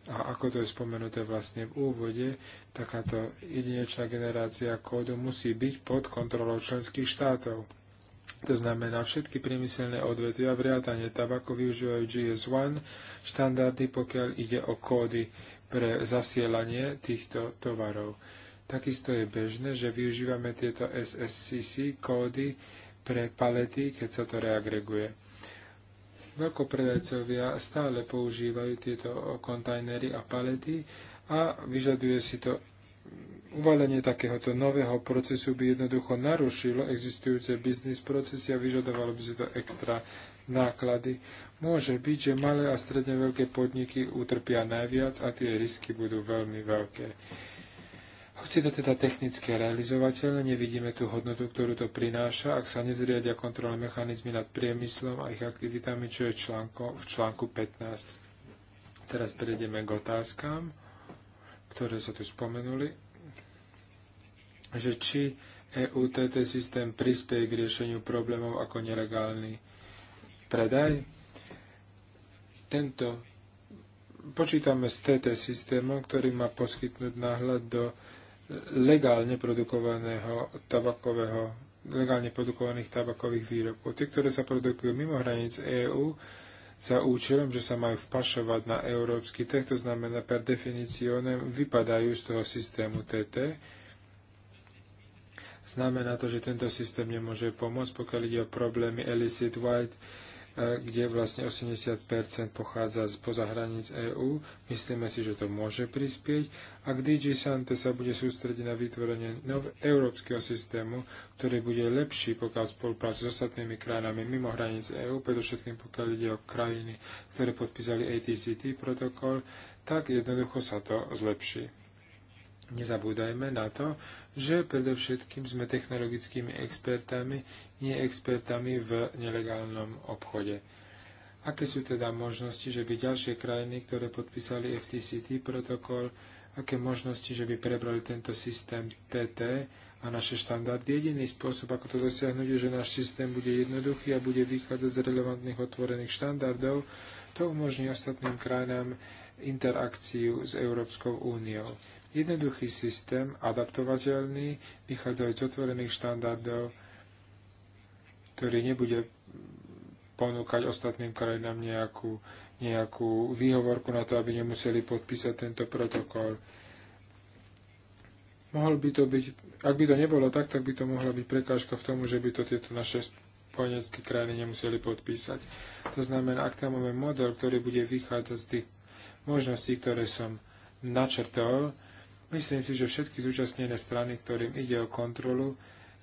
a ako to je spomenuté vlastne v úvode, takáto jedinečná generácia kódu musí byť pod kontrolou členských štátov. To znamená, všetky priemyselné odvetvia vrátane tabako využívajú GS1 štandardy, pokiaľ ide o kódy pre zasielanie týchto tovarov. Takisto je bežné, že využívame tieto SSCC kódy pre palety, keď sa to reagreguje. Veľkopredajcovia stále používajú tieto kontajnery a palety, a vyžaduje si to uvalenie takéhoto nového procesu by jednoducho narušilo existujúce biznis procesy a vyžadovalo by si to extra náklady. Môže byť, že malé a stredne veľké podniky utrpia najviac a tie risky budú veľmi veľké. Hoci to teda technicky realizovateľné, nevidíme tú hodnotu, ktorú to prináša, ak sa nezriadia kontrolné mechanizmy nad priemyslom a ich aktivitami, čo je článko, v článku 15. Teraz prejdeme k otázkám ktoré sa tu spomenuli, že či EUTT systém prispieje k riešeniu problémov ako nelegálny predaj. Tento počítame s TT systémom, ktorý má poskytnúť náhľad do legálne produkovaného tabakového legálne produkovaných tabakových výrobkov. Tie, ktoré sa produkujú mimo hraníc EÚ, za účelom, že sa majú vpašovať na európsky trh, to znamená per definícione vypadajú z toho systému TT. Znamená to, že tento systém nemôže pomôcť, pokiaľ ide o problémy illicit white kde vlastne 80% pochádza spoza hraníc EÚ. Myslíme si, že to môže prispieť. A k DG Sante sa bude sústrediť na vytvorenie nov- európskeho systému, ktorý bude lepší, pokiaľ spoluprácu s ostatnými krajinami mimo hraníc EÚ, predovšetkým pokiaľ ide o krajiny, ktoré podpísali ATCT protokol, tak jednoducho sa to zlepší. Nezabúdajme na to, že predovšetkým sme technologickými expertami, nie expertami v nelegálnom obchode. Aké sú teda možnosti, že by ďalšie krajiny, ktoré podpísali FTCT protokol, aké možnosti, že by prebrali tento systém TT a naše štandardy? Jediný spôsob, ako to dosiahnuť, je, že náš systém bude jednoduchý a bude vychádzať z relevantných otvorených štandardov. To umožní ostatným krajinám interakciu s Európskou úniou jednoduchý systém, adaptovateľný, vychádzajúc z otvorených štandardov, ktorý nebude ponúkať ostatným krajinám nejakú, nejakú výhovorku na to, aby nemuseli podpísať tento protokol. Mohol by to byť, ak by to nebolo tak, tak by to mohla byť prekážka v tomu, že by to tieto naše spojenecké krajiny nemuseli podpísať. To znamená, ak tam máme model, ktorý bude vychádzať z tých možností, ktoré som načrtol, Myslím si, že všetky zúčastnené strany, ktorým ide o kontrolu,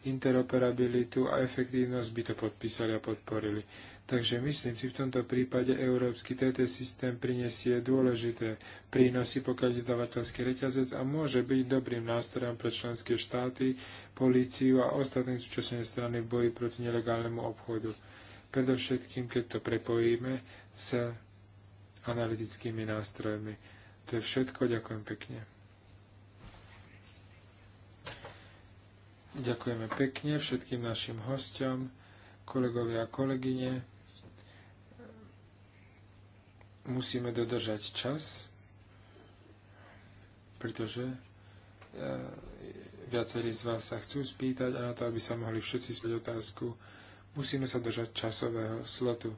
interoperabilitu a efektívnosť, by to podpísali a podporili. Takže myslím si, v tomto prípade európsky TT systém prinesie dôležité prínosy pokiaľ dodavateľský reťazec a môže byť dobrým nástrojom pre členské štáty, políciu a ostatné súčasné strany v boji proti nelegálnemu obchodu. Predovšetkým, keď to prepojíme s analytickými nástrojmi. To je všetko. Ďakujem pekne. Ďakujeme pekne všetkým našim hostom, kolegovia a kolegyne. Musíme dodržať čas, pretože e, viacerí z vás sa chcú spýtať a na to, aby sa mohli všetci spýtať otázku, musíme sa držať časového slotu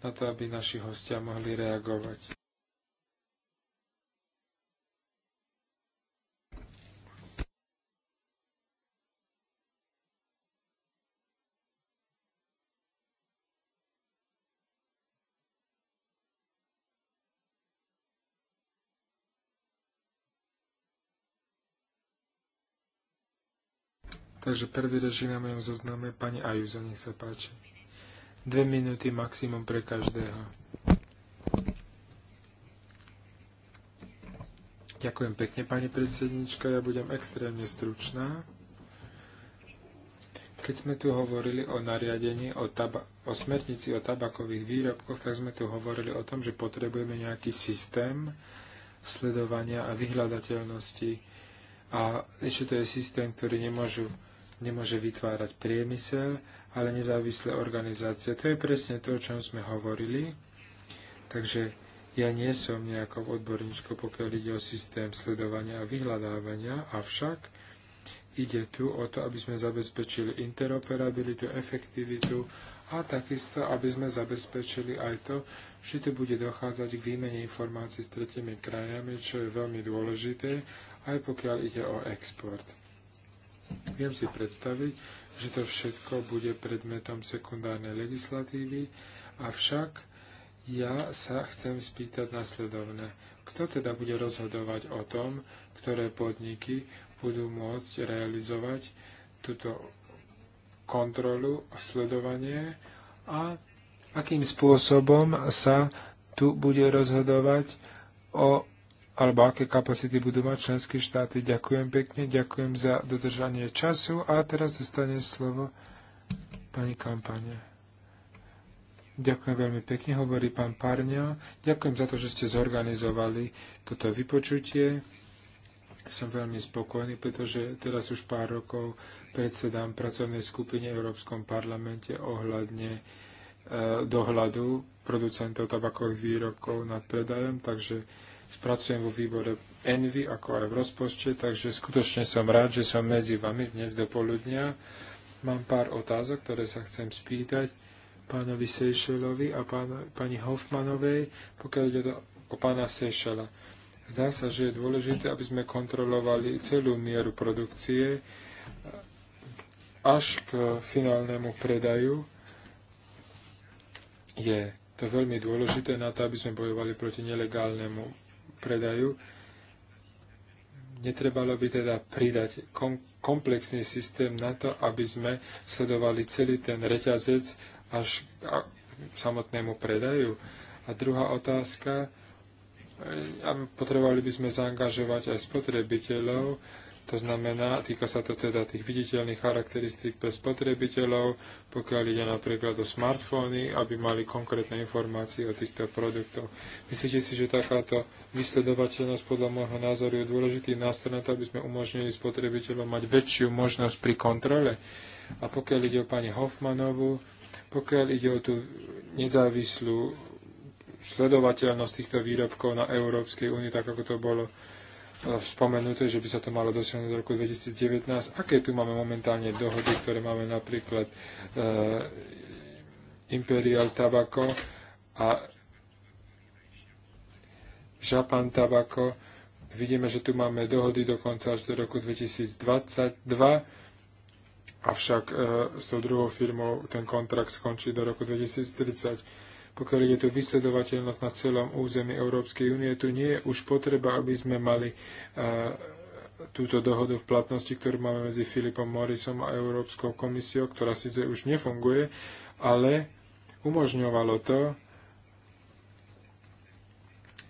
na to, aby naši hostia mohli reagovať. Takže prvý režim na mojom zozname, pani Ajuzo, nech sa páči. Dve minúty maximum pre každého. Ďakujem pekne, pani predsednička, ja budem extrémne stručná. Keď sme tu hovorili o nariadení, o, taba- o smernici o tabakových výrobkoch, tak sme tu hovorili o tom, že potrebujeme nejaký systém sledovania a vyhľadateľnosti. A ešte to je systém, ktorý nemôžu nemôže vytvárať priemysel, ale nezávislé organizácie. To je presne to, o čom sme hovorili. Takže ja nie som nejakou odborníčkou, pokiaľ ide o systém sledovania a vyhľadávania, avšak ide tu o to, aby sme zabezpečili interoperabilitu, efektivitu a takisto, aby sme zabezpečili aj to, že to bude dochádzať k výmene informácií s tretimi krajinami, čo je veľmi dôležité, aj pokiaľ ide o export. Viem si predstaviť, že to všetko bude predmetom sekundárnej legislatívy, avšak ja sa chcem spýtať nasledovne. Kto teda bude rozhodovať o tom, ktoré podniky budú môcť realizovať túto kontrolu a sledovanie a akým spôsobom sa tu bude rozhodovať o alebo aké kapacity budú mať členské štáty. Ďakujem pekne, ďakujem za dodržanie času a teraz dostane slovo pani kampane. Ďakujem veľmi pekne, hovorí pán Parňa. Ďakujem za to, že ste zorganizovali toto vypočutie. Som veľmi spokojný, pretože teraz už pár rokov predsedám pracovnej skupine v Európskom parlamente ohľadne e, dohľadu producentov tabakových výrokov nad predajom, takže pracujem vo výbore Envy, ako aj v rozpočte, takže skutočne som rád, že som medzi vami dnes do poludnia. Mám pár otázok, ktoré sa chcem spýtať pánovi Sejšelovi a pána, pani Hoffmanovej, pokiaľ ide o pána Sejšela. Zdá sa, že je dôležité, aby sme kontrolovali celú mieru produkcie až k finálnemu predaju. Je to veľmi dôležité na to, aby sme bojovali proti nelegálnemu predajú. Netrebalo by teda pridať komplexný systém na to, aby sme sledovali celý ten reťazec až k samotnému predaju. A druhá otázka, e, a potrebovali by sme zaangažovať aj spotrebiteľov, to znamená, týka sa to teda tých viditeľných charakteristík pre spotrebiteľov, pokiaľ ide napríklad o smartfóny, aby mali konkrétne informácie o týchto produktoch. Myslíte si, že takáto vysledovateľnosť podľa môjho názoru je dôležitý nástroj na to, aby sme umožnili spotrebiteľom mať väčšiu možnosť pri kontrole? A pokiaľ ide o pani Hoffmanovu, pokiaľ ide o tú nezávislú sledovateľnosť týchto výrobkov na Európskej únii, tak ako to bolo spomenuté, že by sa to malo dosiahnuť do roku 2019. Aké tu máme momentálne dohody, ktoré máme napríklad e, Imperial Tabako a Japan Tobacco. Vidíme, že tu máme dohody dokonca až do roku 2022, avšak e, s tou druhou firmou ten kontrakt skončí do roku 2030 pokiaľ ide tu vysledovateľnosť na celom území Európskej únie, tu nie je už potreba, aby sme mali túto dohodu v platnosti, ktorú máme medzi Filipom Morrisom a Európskou komisiou, ktorá síce už nefunguje, ale umožňovalo to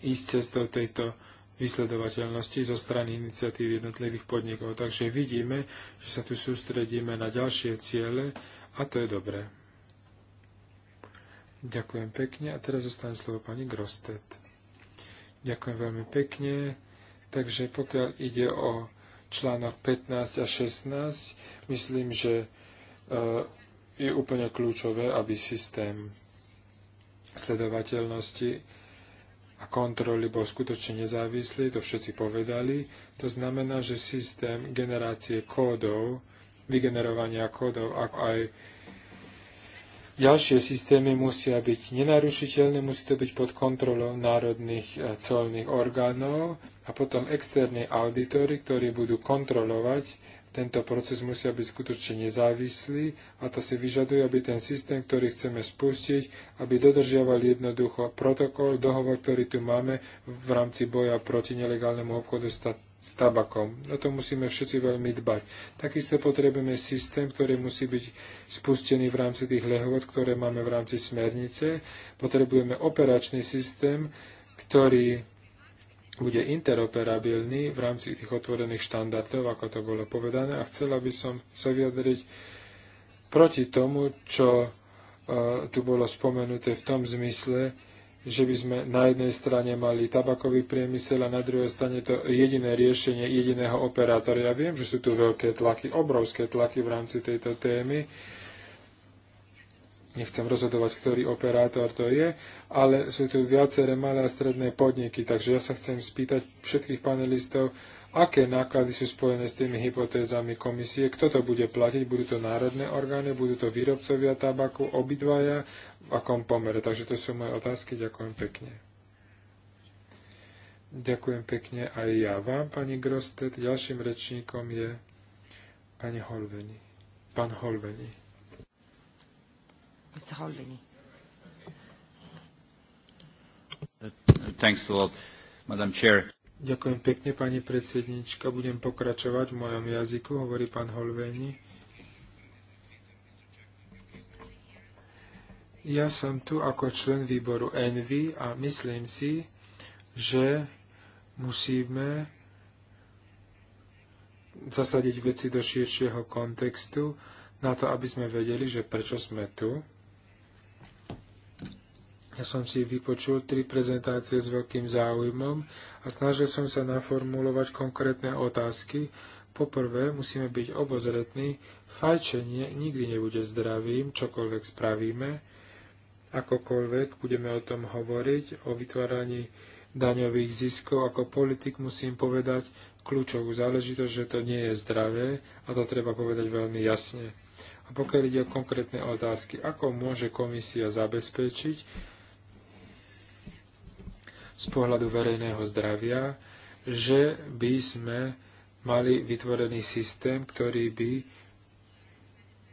ísť cestou tejto vysledovateľnosti zo strany iniciatív jednotlivých podnikov. Takže vidíme, že sa tu sústredíme na ďalšie ciele a to je dobré. Ďakujem pekne a teraz zostane slovo pani Grostet. Ďakujem veľmi pekne. Takže pokiaľ ide o článok 15 a 16, myslím, že e, je úplne kľúčové, aby systém sledovateľnosti a kontroly bol skutočne nezávislý, to všetci povedali. To znamená, že systém generácie kódov, vygenerovania kódov, ako aj Ďalšie systémy musia byť nenarušiteľné, musí to byť pod kontrolou národných e, colných orgánov a potom externí auditory, ktorí budú kontrolovať tento proces musia byť skutočne nezávislý a to si vyžaduje, aby ten systém, ktorý chceme spustiť, aby dodržiaval jednoducho protokol, dohovor, ktorý tu máme v rámci boja proti nelegálnemu obchodu s s tabakom. Na to musíme všetci veľmi dbať. Takisto potrebujeme systém, ktorý musí byť spustený v rámci tých lehôd, ktoré máme v rámci smernice. Potrebujeme operačný systém, ktorý bude interoperabilný v rámci tých otvorených štandardov, ako to bolo povedané. A chcela by som sa vyjadriť proti tomu, čo uh, tu bolo spomenuté v tom zmysle, že by sme na jednej strane mali tabakový priemysel a na druhej strane to jediné riešenie jediného operátora. Ja viem, že sú tu veľké tlaky, obrovské tlaky v rámci tejto témy. Nechcem rozhodovať, ktorý operátor to je, ale sú tu viaceré malé a stredné podniky, takže ja sa chcem spýtať všetkých panelistov, aké náklady sú spojené s tými hypotézami komisie, kto to bude platiť, budú to národné orgány, budú to výrobcovia tabaku, obidvaja, v akom pomere. Takže to sú moje otázky, ďakujem pekne. Ďakujem pekne aj ja vám, pani Grostet. Ďalším rečníkom je pani Holveni. Pán Holveni. Mr. Holveni. Thanks a lot, Madam Chair. Ďakujem pekne, pani predsednička. Budem pokračovať v mojom jazyku, hovorí pán Holveni. Ja som tu ako člen výboru Envy a myslím si, že musíme zasadiť veci do širšieho kontextu na to, aby sme vedeli, že prečo sme tu. Ja som si vypočul tri prezentácie s veľkým záujmom a snažil som sa naformulovať konkrétne otázky. Poprvé, musíme byť obozretní, fajčenie nikdy nebude zdravým, čokoľvek spravíme, akokoľvek budeme o tom hovoriť, o vytváraní daňových ziskov. Ako politik musím povedať kľúčovú záležitosť, že to nie je zdravé a to treba povedať veľmi jasne. A pokiaľ ide o konkrétne otázky, ako môže komisia zabezpečiť, z pohľadu verejného zdravia, že by sme mali vytvorený systém, ktorý by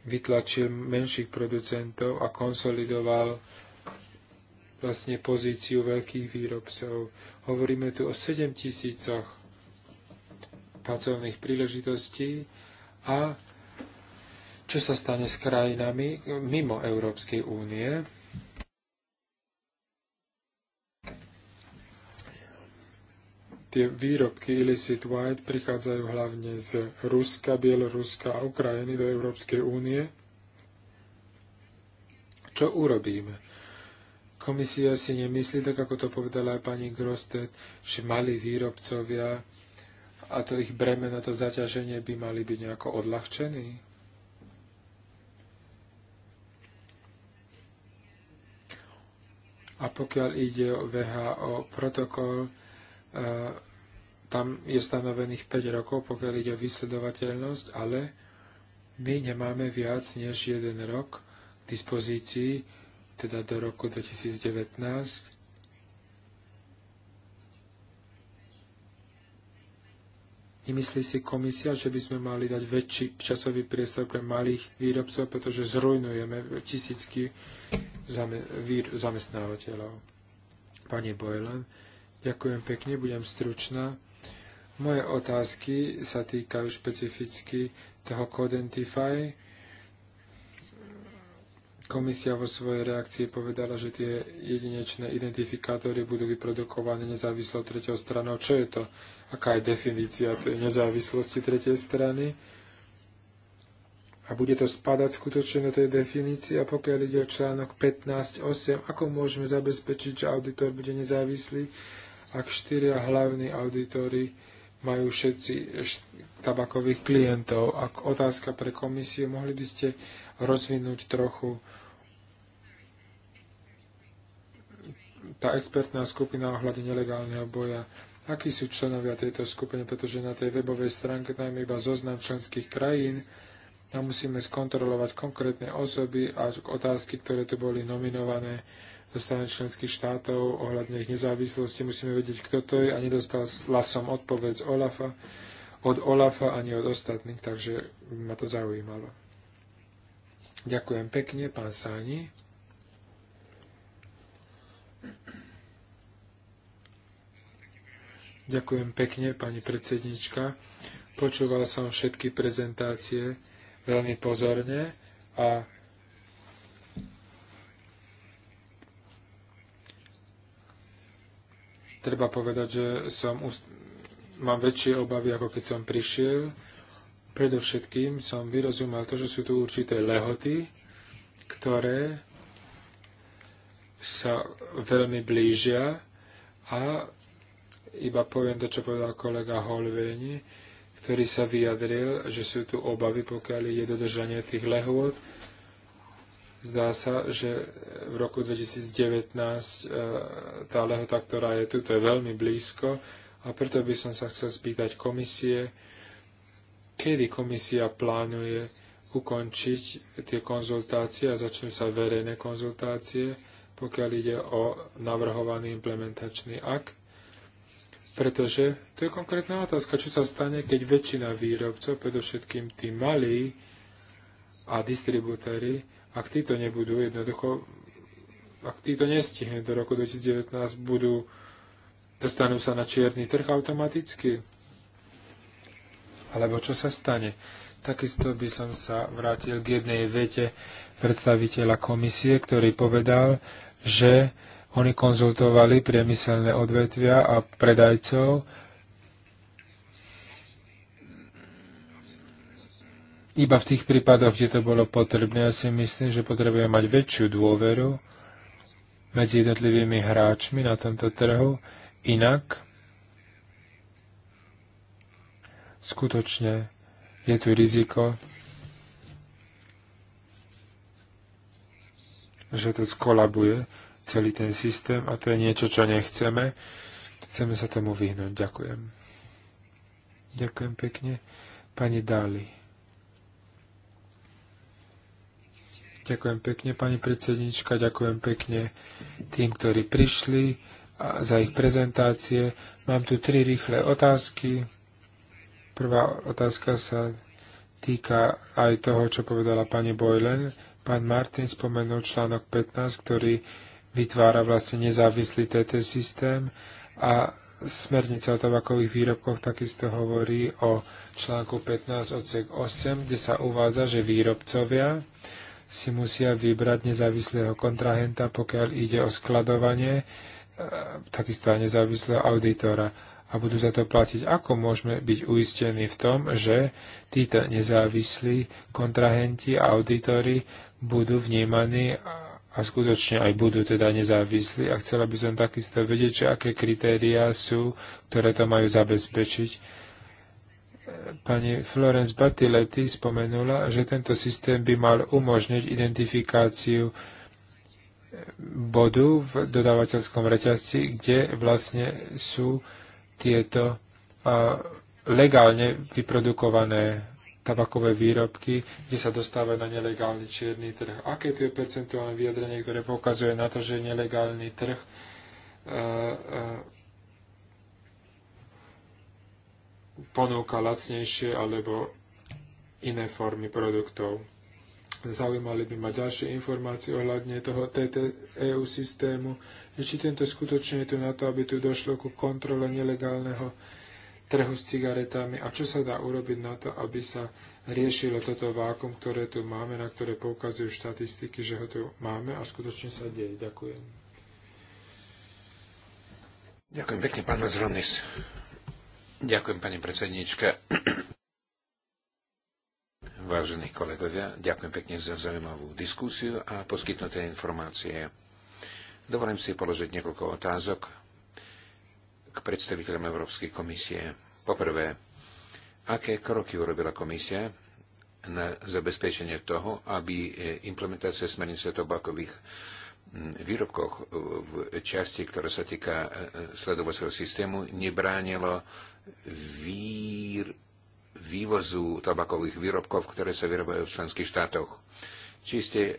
vytlačil menších producentov a konsolidoval vlastne pozíciu veľkých výrobcov. Hovoríme tu o 7 tisícoch pracovných príležitostí a čo sa stane s krajinami mimo Európskej únie, tie výrobky illicit white prichádzajú hlavne z Ruska, Bieloruska a Ukrajiny do Európskej únie. Čo urobíme? Komisia si nemyslí, tak ako to povedala aj pani Grostet, že mali výrobcovia a to ich bremeno, to zaťaženie by mali byť nejako odľahčení? A pokiaľ ide o VHO protokol, tam je stanovených 5 rokov, pokiaľ ide o vysledovateľnosť, ale my nemáme viac než jeden rok k dispozícii, teda do roku 2019. Nemyslí si komisia, že by sme mali dať väčší časový priestor pre malých výrobcov, pretože zrujnujeme tisícky zamestnávateľov. Pani Boylan, Ďakujem pekne, budem stručná. Moje otázky sa týkajú špecificky toho Codentify. Komisia vo svojej reakcii povedala, že tie jedinečné identifikátory budú vyprodukované nezávislou tretou stranou. Čo je to? Aká je definícia tej nezávislosti tretej strany? A bude to spadať skutočne do tej definície? A pokiaľ ide o článok 15.8, ako môžeme zabezpečiť, že auditor bude nezávislý? ak štyria hlavní auditory majú všetci tabakových klientov. Ak otázka pre komisiu, mohli by ste rozvinúť trochu tá expertná skupina ohľadne nelegálneho boja. Akí sú členovia tejto skupiny, pretože na tej webovej stránke tam iba zoznam členských krajín a musíme skontrolovať konkrétne osoby a otázky, ktoré tu boli nominované zo strany členských štátov ohľadne ich nezávislosti. Musíme vedieť, kto to je a nedostal hlasom odpoveď z Olafa, od Olafa ani od ostatných, takže ma to zaujímalo. Ďakujem pekne, pán Sáni. Ďakujem pekne, pani predsednička. Počúval som všetky prezentácie veľmi pozorne a treba povedať, že som, mám väčšie obavy, ako keď som prišiel. Predovšetkým som vyrozumel to, že sú tu určité lehoty, ktoré sa veľmi blížia a iba poviem to, čo povedal kolega Holveni, ktorý sa vyjadril, že sú tu obavy, pokiaľ je dodržanie tých lehôd Zdá sa, že v roku 2019 e, tá lehota, ktorá je tu, to je veľmi blízko a preto by som sa chcel spýtať komisie, kedy komisia plánuje ukončiť tie konzultácie a začnú sa verejné konzultácie, pokiaľ ide o navrhovaný implementačný akt. Pretože to je konkrétna otázka, čo sa stane, keď väčšina výrobcov, predovšetkým tí malí a distribútory, ak títo nebudú jednoducho, ak títo nestihne, do roku 2019, budú, dostanú sa na čierny trh automaticky. Alebo čo sa stane? Takisto by som sa vrátil k jednej vete predstaviteľa komisie, ktorý povedal, že oni konzultovali priemyselné odvetvia a predajcov iba v tých prípadoch, kde to bolo potrebné. Ja si myslím, že potrebujeme mať väčšiu dôveru medzi jednotlivými hráčmi na tomto trhu. Inak skutočne je tu riziko, že to skolabuje celý ten systém a to je niečo, čo nechceme. Chceme sa tomu vyhnúť. Ďakujem. Ďakujem pekne. Pani Dali. Ďakujem pekne, pani predsednička, ďakujem pekne tým, ktorí prišli a za ich prezentácie. Mám tu tri rýchle otázky. Prvá otázka sa týka aj toho, čo povedala pani Boylen. Pán Martin spomenul článok 15, ktorý vytvára vlastne nezávislý TT systém a smernica o tabakových výrobkoch takisto hovorí o článku 15 odsek 8, kde sa uvádza, že výrobcovia si musia vybrať nezávislého kontrahenta, pokiaľ ide o skladovanie, e, takisto aj nezávislého auditora a budú za to platiť. Ako môžeme byť uistení v tom, že títo nezávislí kontrahenti a auditory budú vnímaní a skutočne aj budú teda nezávislí. A chcela by som takisto vedieť, že aké kritériá sú, ktoré to majú zabezpečiť pani Florence Battiletti spomenula, že tento systém by mal umožniť identifikáciu bodu v dodávateľskom reťazci, kde vlastne sú tieto legálne vyprodukované tabakové výrobky, kde sa dostáva na nelegálny čierny trh. Aké to je percentuálne vyjadrenie, ktoré poukazuje na to, že nelegálny trh ponúka lacnejšie alebo iné formy produktov. Zaujímali by ma ďalšie informácie ohľadne toho EU systému, že či tento skutočne je tu na to, aby tu došlo ku kontrole nelegálneho trhu s cigaretami a čo sa dá urobiť na to, aby sa riešilo toto vákum, ktoré tu máme, na ktoré poukazujú štatistiky, že ho tu máme a skutočne sa deje. Ďakujem. Ďakujem pekne, pán Mazronis. Ďakujem, pani predsednička. Vážení kolegovia, ďakujem pekne za zaujímavú diskusiu a poskytnuté informácie. Dovolím si položiť niekoľko otázok k predstaviteľom Európskej komisie. Poprvé, aké kroky urobila komisia na zabezpečenie toho, aby e, implementácia smernice tobakových výrobkoch e, v časti, ktorá sa týka e, sledovacieho systému, nebránilo výr, vývozu tabakových výrobkov, ktoré sa vyrobajú v členských štátoch. Či ste e,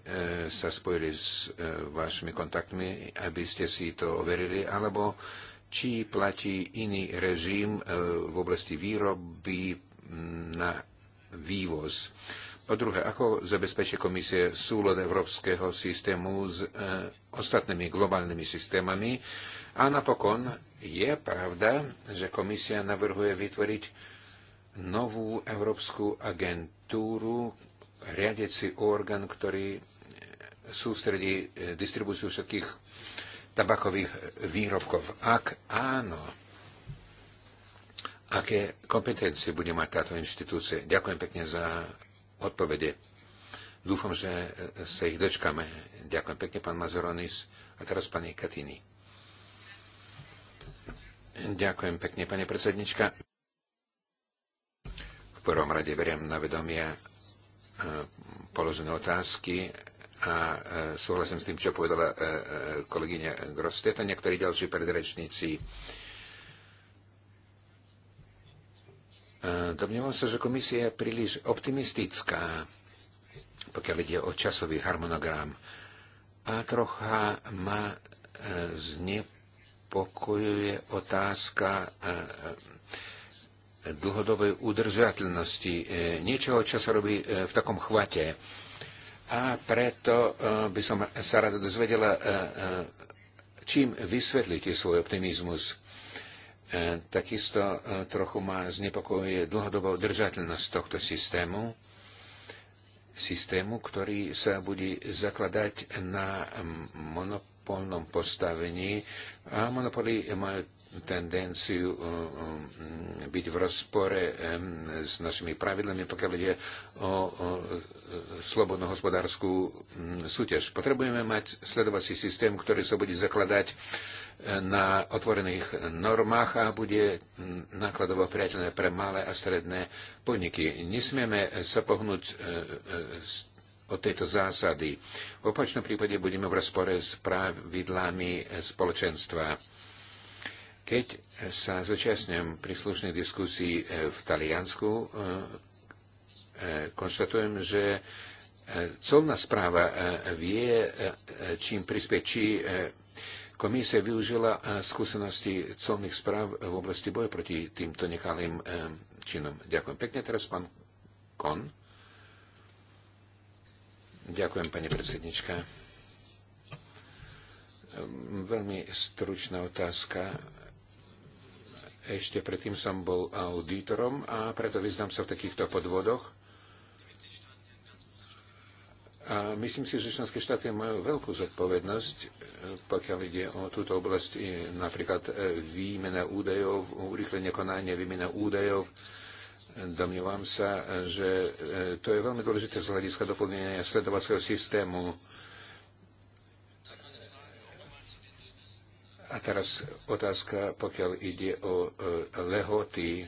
sa spojili s e, vašimi kontaktmi, aby ste si to overili, alebo či platí iný režim e, v oblasti výroby na vývoz. Po druhé, ako zabezpečí komisie súlod európskeho systému s e, ostatnými globálnymi systémami? A napokon, je pravda, že komisia navrhuje vytvoriť novú európsku agentúru, riadeci orgán, ktorý sústredí e, distribúciu všetkých tabakových výrobkov. Ak áno, aké kompetencie bude mať táto inštitúcia? Ďakujem pekne za odpovede. Dúfam, že e, sa ich dočkame. Ďakujem pekne, pán Mazuronis. A teraz pani Katini. Ďakujem pekne, pani predsednička. V prvom rade beriem na vedomie e, položené otázky a e, súhlasím s tým, čo povedala e, kolegyňa a niektorí ďalší predrečníci. Domnievam sa, že komisia je príliš optimistická, pokiaľ ide o časový harmonogram a trocha ma znepokojuje znepokojuje otázka e, e, dlhodobej udržateľnosti, e, niečoho, čo sa robí v takom chvate. A preto by som sa rada dozvedela, čím vysvetlíte svoj optimizmus. Takisto trochu ma znepokojuje dlhodobá udržateľnosť tohto systému, systému, ktorý sa bude zakladať na monopol monopolnom postavení a monopoly majú tendenciu eh, eh, byť v rozpore eh, s našimi pravidlami, pokiaľ ide o slobodnú hospodárskú hm, súťaž. Potrebujeme mať sledovací systém, ktorý sa bude zakladať na otvorených normách a bude hm, nákladovo priateľné pre malé a stredné podniky. Nesmieme sa pohnúť z od tejto zásady. V opačnom prípade budeme v rozpore s pravidlami spoločenstva. Keď sa zúčastňujem príslušných diskusí eh, v Taliansku, eh, eh, konštatujem, že colná správa vie, čím prispieť, či komisia využila skúsenosti colných správ v oblasti boja proti týmto nekalým činom. Ďakujem pekne. Teraz pán Kon. Ďakujem, pani predsednička. Veľmi stručná otázka. Ešte predtým som bol auditorom a preto vyznám sa v takýchto podvodoch. A myslím si, že členské štáty majú veľkú zodpovednosť, e, pokiaľ ide o túto oblasť, e, napríklad e, výmena údajov, urychlenie konania, výmena údajov, Domnívam sa, že e, to je veľmi dôležité z hľadiska doplnenia sledovacieho systému. A teraz otázka, pokiaľ ide o e, lehoty,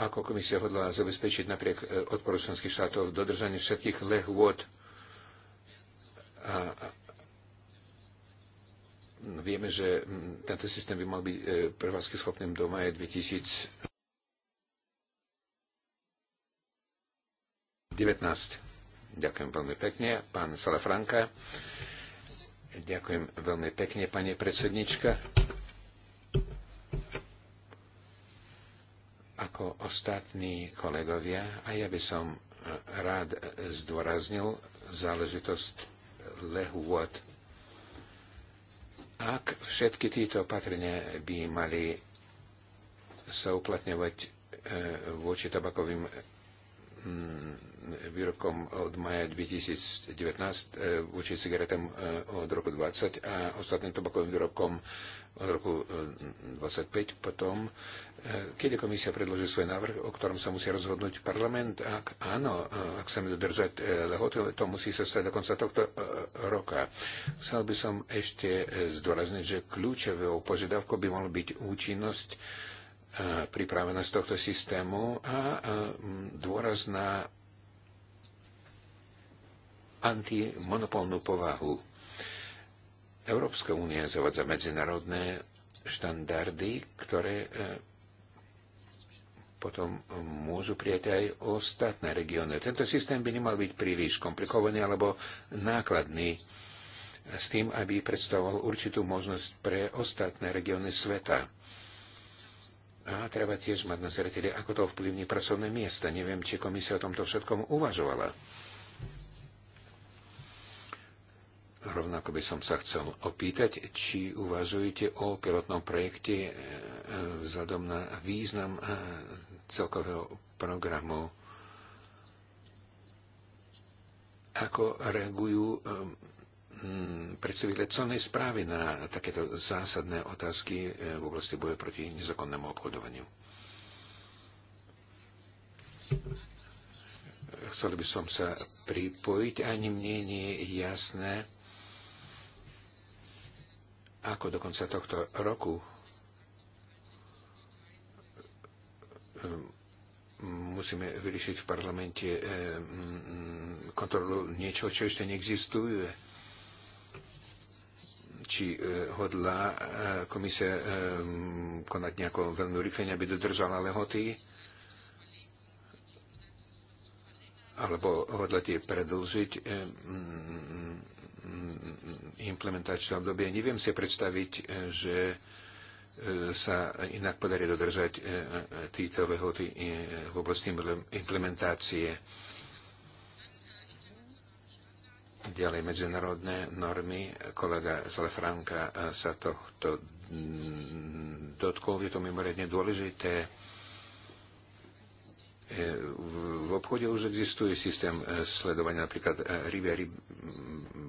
ako komisia hodla zabezpečiť napriek e, odporu členských štátov dodržanie všetkých lehôd a, Vieme, že mm, tento systém by mal byť e, prevádzky schopným do maja 2019. Ďakujem veľmi pekne, pán Salafranka. Ďakujem veľmi pekne, pani predsednička. Ako ostatní kolegovia, a ja by som e, rád e, zdôraznil záležitosť lehôd ak všetky títo opatrenia by mali sa uplatňovať e, voči tabakovým mm, výrobkom od maja 2019 e, voči cigaretám e, od roku 2020 a ostatným tabakovým výrobkom roku 25 eh, potom, eh, kedy komisia predloží svoj návrh, o ktorom sa musí rozhodnúť parlament. Ak áno, eh, ak chceme dodržať lehoty, to musí sa stať do konca tohto roka. Chcel by som ešte zdôrazniť, že kľúčovou požiadavkou by mal byť účinnosť pripravenosť tohto systému a dôraz na antimonopolnú povahu Európska únia zavádza medzinárodné štandardy, ktoré e, potom môžu prijať aj ostatné regióny. Tento systém by nemal byť príliš komplikovaný alebo nákladný s tým, aby predstavoval určitú možnosť pre ostatné regióny sveta. A treba tiež mať na zreteli, ako to vplyvní pracovné miesta. Neviem, či komisia o tomto všetkom uvažovala. Rovnako by som sa chcel opýtať, či uvažujete o pilotnom projekte e, vzhľadom na význam e, celkového programu. Ako reagujú e, predstaviteľe celnej správy na takéto zásadné otázky v oblasti boja proti nezakonnému obchodovaniu? Chcel by som sa pripojiť, ani mne nie je jasné, ako do konca tohto roku ehm, musíme vyriešiť v parlamente ehm, kontrolu niečo, čo ešte neexistuje. Či eh, hodla eh, komisia ehm, konať nejako veľmi urychlenie, aby dodržala lehoty, alebo hodla tie predlžiť Mm, implementačné obdobie. Neviem si predstaviť, e, že e, sa inak podarí dodržať e, tieto lehoty v oblasti implementácie. Ďalej medzinárodné normy. Kolega Zalefranka sa tohto mm, dotkol. Je to mimoriadne dôležité. V obchode už existuje systém sledovania napríklad ryby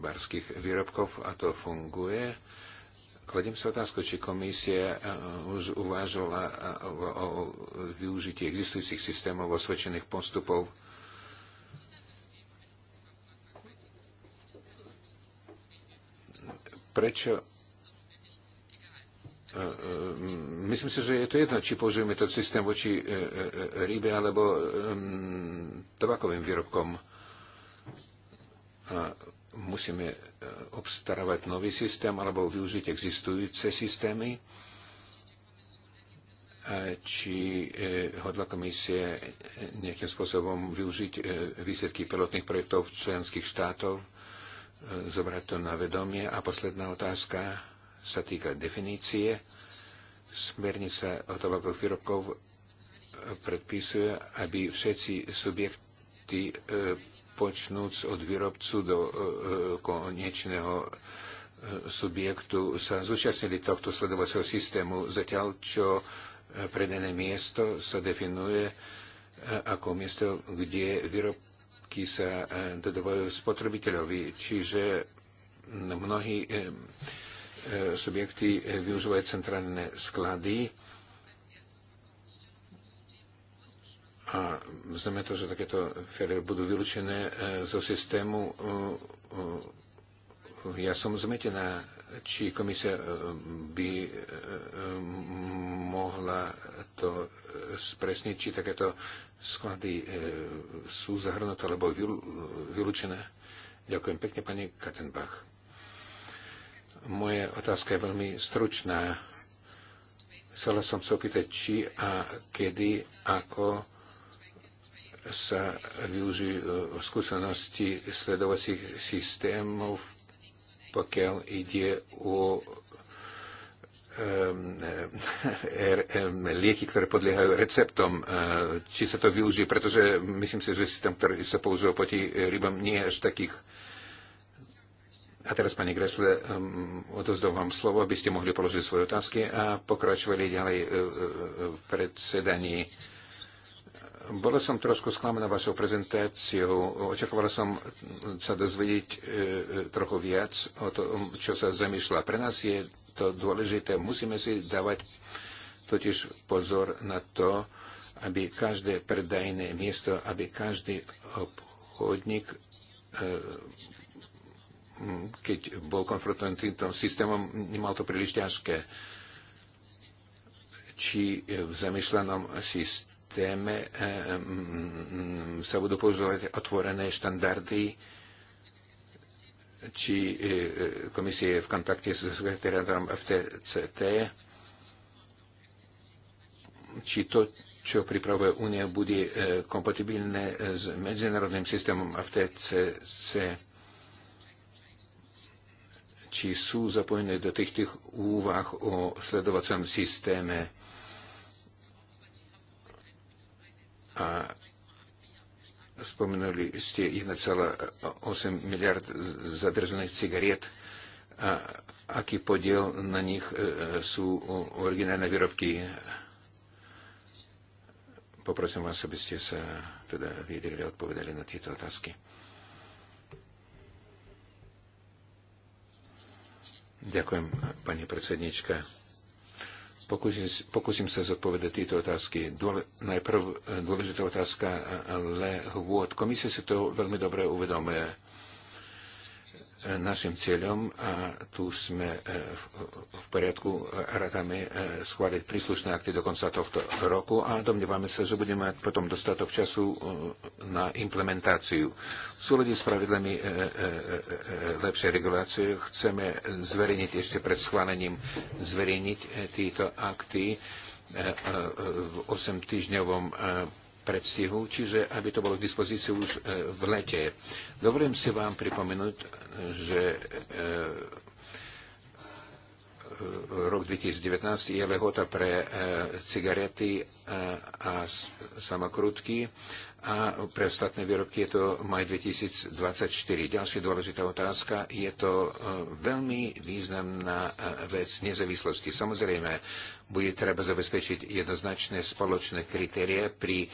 rybárskych výrobkov a to funguje. Kladím sa otázku, či komisia eh, už uvážila eh, o využití existujúcich systémov osvedčených postupov prečo eh, Myslím si, že je to jedno, či použijeme ten systém voči rybe alebo ehm, tabakovým výrobkom. A musíme e, obstarávať nový systém alebo využiť existujúce systémy? E, či e, hodla komisie nejakým spôsobom využiť výsledky pilotných projektov členských štátov, zobrať to na vedomie? A posledná otázka sa týka definície. Smernica o tobakových výrobkov predpisuje, aby všetci subjekty počnúc od výrobcu do e, e, konečného e, subjektu sa zúčastnili tohto sledovacieho systému, zatiaľ čo predené miesto sa definuje ako miesto, kde výrobky sa dodávajú spotrebiteľovi. Čiže mnohí subjekty využívajú centrálne sklady, A znamená to, že takéto féry budú vylúčené e, zo systému. E, e, ja som zmetená, či komisia by mohla to spresniť, či takéto sklady sú zahrnuté alebo vylúčené. Ďakujem pekne, pani Katenbach. Moje otázka je veľmi stručná. Chcela som sa opýtať, či a kedy, ako sa využijú e, skúsenosti sledovacích systémov, pokiaľ ide o lieky, ktoré podliehajú receptom, e, či sa to využije, pretože myslím si, že systém, ktorý sa používa proti rybám, nie je až takých. A teraz, pani Gresle, odovzdám vám slovo, aby ste mohli položiť svoje otázky a pokračovali ďalej e, v predsedaní. Bola som trošku sklamená vašou prezentáciou. očakovala som sa dozvedieť e, e, trochu viac o tom, čo sa zamýšľa. Pre nás je to dôležité. Musíme si dávať totiž pozor na to, aby každé predajné miesto, aby každý obchodník, e, keď bol konfrontovaný týmto systémom, nemal to príliš ťažké. Či v zamýšľanom systéme téme eh, mm, sa budú používať otvorené štandardy, či eh, komisie je v kontakte s sekretariátom FTCT, či to, čo pripravuje Únia, bude eh, kompatibilné s medzinárodným systémom FTCC či sú zapojené do týchto úvah o sledovacom systéme a spomenuli ste 1,8 miliard zadržených cigariet a aký podiel na nich e, sú originálne výrobky. Poprosím vás, aby ste sa teda viedeli a odpovedali na tieto otázky. Ďakujem, pani predsednička. Pokúsim, pokúsim sa zodpovedať tieto otázky. Dôle, najprv eh, dôležitá otázka, ale eh, hôd. Komisia si to veľmi dobre uvedomuje našim cieľom a tu sme e, v poriadku, radami e, schváliť príslušné akty do konca tohto roku a domnievame sa, že budeme mať potom dostatok času e, na implementáciu. V súlade s pravidlami lepšej regulácie chceme zverejniť ešte pred schválením zverejniť tieto akty v 8-týždňovom predstihu, čiže aby to bolo k dispozícii už v lete. Dovolím si vám pripomenúť, že e, e, rok 2019 je lehota pre e, cigarety a samokrutky a pre ostatné výrobky je to maj 2024. Ďalšia dôležitá otázka, je to veľmi významná vec nezávislosti. Samozrejme, bude treba zabezpečiť jednoznačné spoločné kritérie pri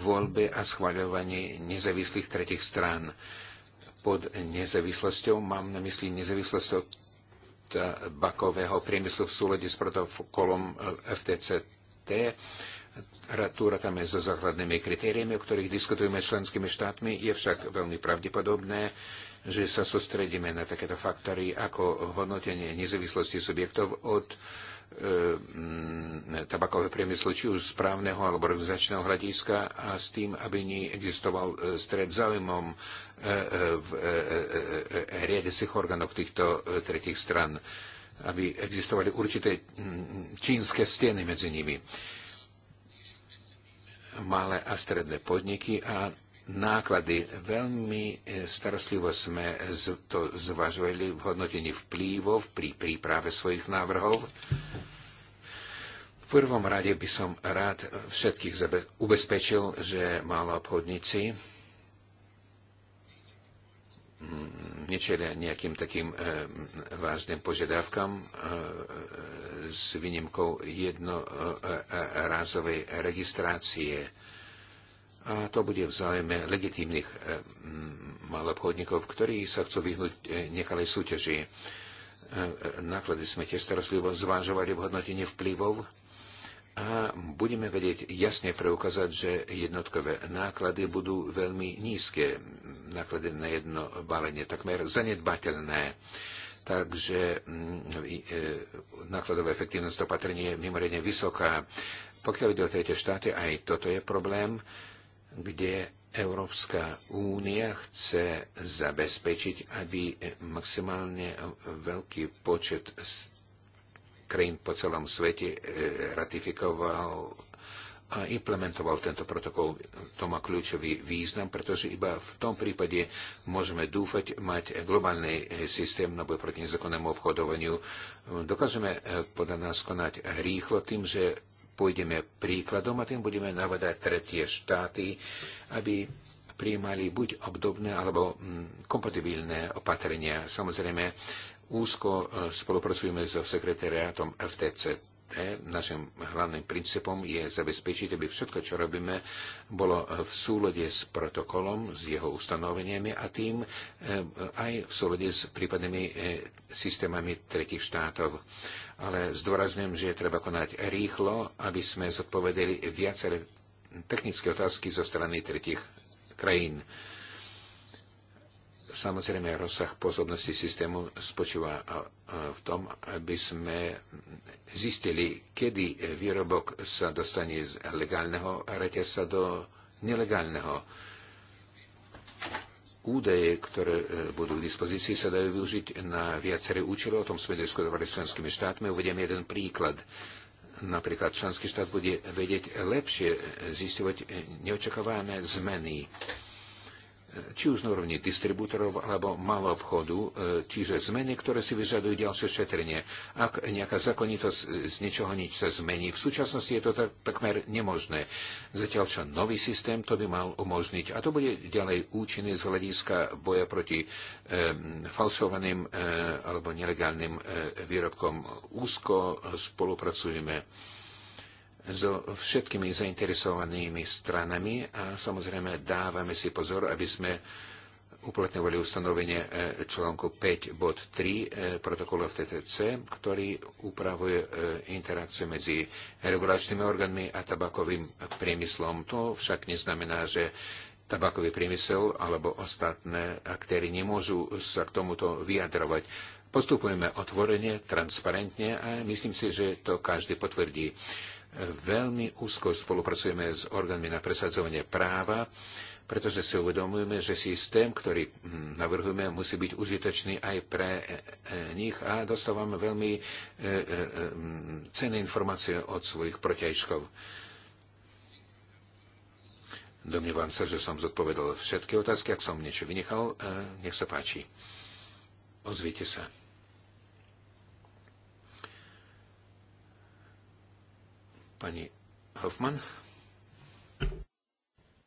voľbe a schvaľovaní nezávislých tretich strán pod nezávislosťou mám na mysli nezávislosť od e, bakového priemyslu v súlede s protokolom e, FTCT. Ratúra tam je so základnými kritériami, o ktorých diskutujeme s členskými štátmi. Je však veľmi pravdepodobné, že sa sústredíme na takéto faktory ako hodnotenie nezávislosti subjektov od e, tabakového priemyslu, či už správneho alebo organizačného hľadiska a s tým, aby neexistoval stred záujmom E, e, v e, riadecich orgánoch týchto tretich stran, aby existovali určité čínske steny medzi nimi. Malé a stredné podniky a náklady. Veľmi starostlivo sme to zvažovali v hodnotení vplyvov pri príprave svojich návrhov. V prvom rade by som rád všetkých ubezpečil, že obchodníci nečelia nejakým takým eh, vážnym požiadavkám eh, eh, s výnimkou jednorázovej registrácie. A to bude v záujme legitímnych malobchodníkov, ktorí sa chcú vyhnúť nekalej súťaži. Náklady sme tiež starostlivo zvážovali v hodnotení vplyvov a budeme vedieť jasne preukázať, že jednotkové náklady budú veľmi nízke. Náklady na jedno balenie takmer zanedbateľné. Takže mm, e, nákladová efektívnosť opatrení je mimoriadne vysoká. Pokiaľ ide o tretie štáty, aj toto je problém, kde Európska únia chce zabezpečiť, aby maximálne veľký počet krajín po celom svete e, ratifikoval a implementoval tento protokol. To má kľúčový význam, pretože iba v tom prípade môžeme dúfať mať globálny e, systém na boj proti nezakonnému obchodovaniu. Dokážeme e, podľa nás konať rýchlo tým, že pôjdeme príkladom a tým budeme navadať tretie štáty, aby prijímali buď obdobné alebo mm, kompatibilné opatrenia. Samozrejme, Úzko e, spolupracujeme so sekretariátom FTC našim hlavným princípom je zabezpečiť, aby všetko, čo robíme, bolo v súlode s protokolom, s jeho ustanoveniami a tým e, aj v súlode s prípadnými e, systémami tretich štátov. Ale zdôrazňujem, že je treba konať rýchlo, aby sme zodpovedali viaceré technické otázky zo strany tretich krajín. Samozrejme, rozsah pôsobnosti systému spočíva v tom, aby sme zistili, kedy výrobok sa dostane z legálneho reťazca do nelegálneho. Údaje, ktoré e, budú k dispozícii, sa dajú využiť na viaceré účely. O tom sme diskutovali s členskými štátmi. Uvediem jeden príklad. Napríklad členský štát bude vedieť lepšie zistovať neočakávané zmeny či už na úrovni distribútorov alebo malého obchodu, e, čiže zmeny, ktoré si vyžadujú ďalšie šetrenie. Ak nejaká zákonitosť e, z ničoho nič sa zmení, v súčasnosti je to tak, takmer nemožné. Zatiaľ čo nový systém to by mal umožniť a to bude ďalej účinné z hľadiska boja proti e, falšovaným e, alebo nelegálnym e, výrobkom. Úzko spolupracujeme so všetkými zainteresovanými stranami a samozrejme dávame si pozor, aby sme uplatňovali ustanovenie e, článku 5.3 e, protokolu FTTC, ktorý upravuje e, interakciu medzi regulačnými orgánmi a tabakovým priemyslom. To však neznamená, že tabakový priemysel alebo ostatné aktéry nemôžu sa k tomuto vyjadrovať. Postupujeme otvorene, transparentne a myslím si, že to každý potvrdí veľmi úzko spolupracujeme s orgánmi na presadzovanie práva, pretože si uvedomujeme, že systém, ktorý hm, navrhujeme, musí byť užitočný aj pre e, e, nich a dostávame veľmi e, hm, cenné informácie od svojich protiažkov. Domnievam sa, že som zodpovedal všetky otázky. Ak som niečo vynechal, nech sa páči. Ozvite sa. Pani Hoffman.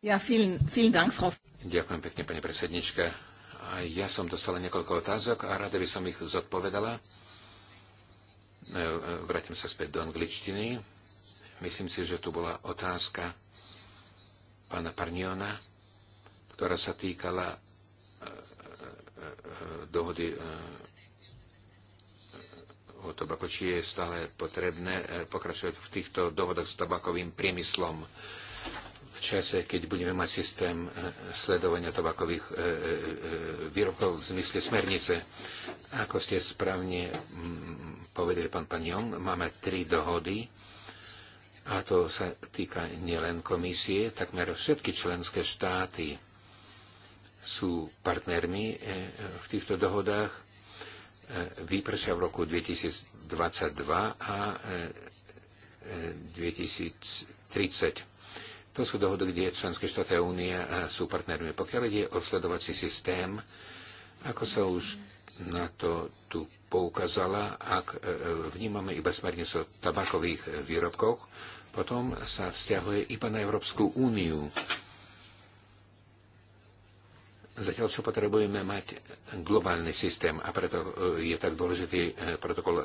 Ja, vielen, vielen Dank, Frau. Ďakujem pekne, pani predsednička. A ja som dostala niekoľko otázok a rada by som ich zodpovedala. E, e, vrátim sa späť do angličtiny. Myslím si, že tu bola otázka pána Parniona, ktorá sa týkala e, dohody o tobako, či je stále potrebné e, pokračovať v týchto dohodách s tabakovým priemyslom v čase, keď budeme mať systém e, sledovania tobakových e, výrobkov v zmysle smernice. Ako ste správne mm, povedali, pán Panion, máme tri dohody a to sa týka nielen komisie, takmer všetky členské štáty sú partnermi v týchto dohodách E, Výprša v roku 2022 a 2030. E, e, to sú dohody, kde členské štáty a únie sú partnermi. Pokiaľ ide o sledovací systém, ako sa už na to tu poukázala, ak vnímame iba smernicu o tabakových výrobkoch, potom sa vzťahuje iba na Európsku úniu. Zatiaľ, čo potrebujeme mať globálny systém a preto e, je tak dôležitý e, protokol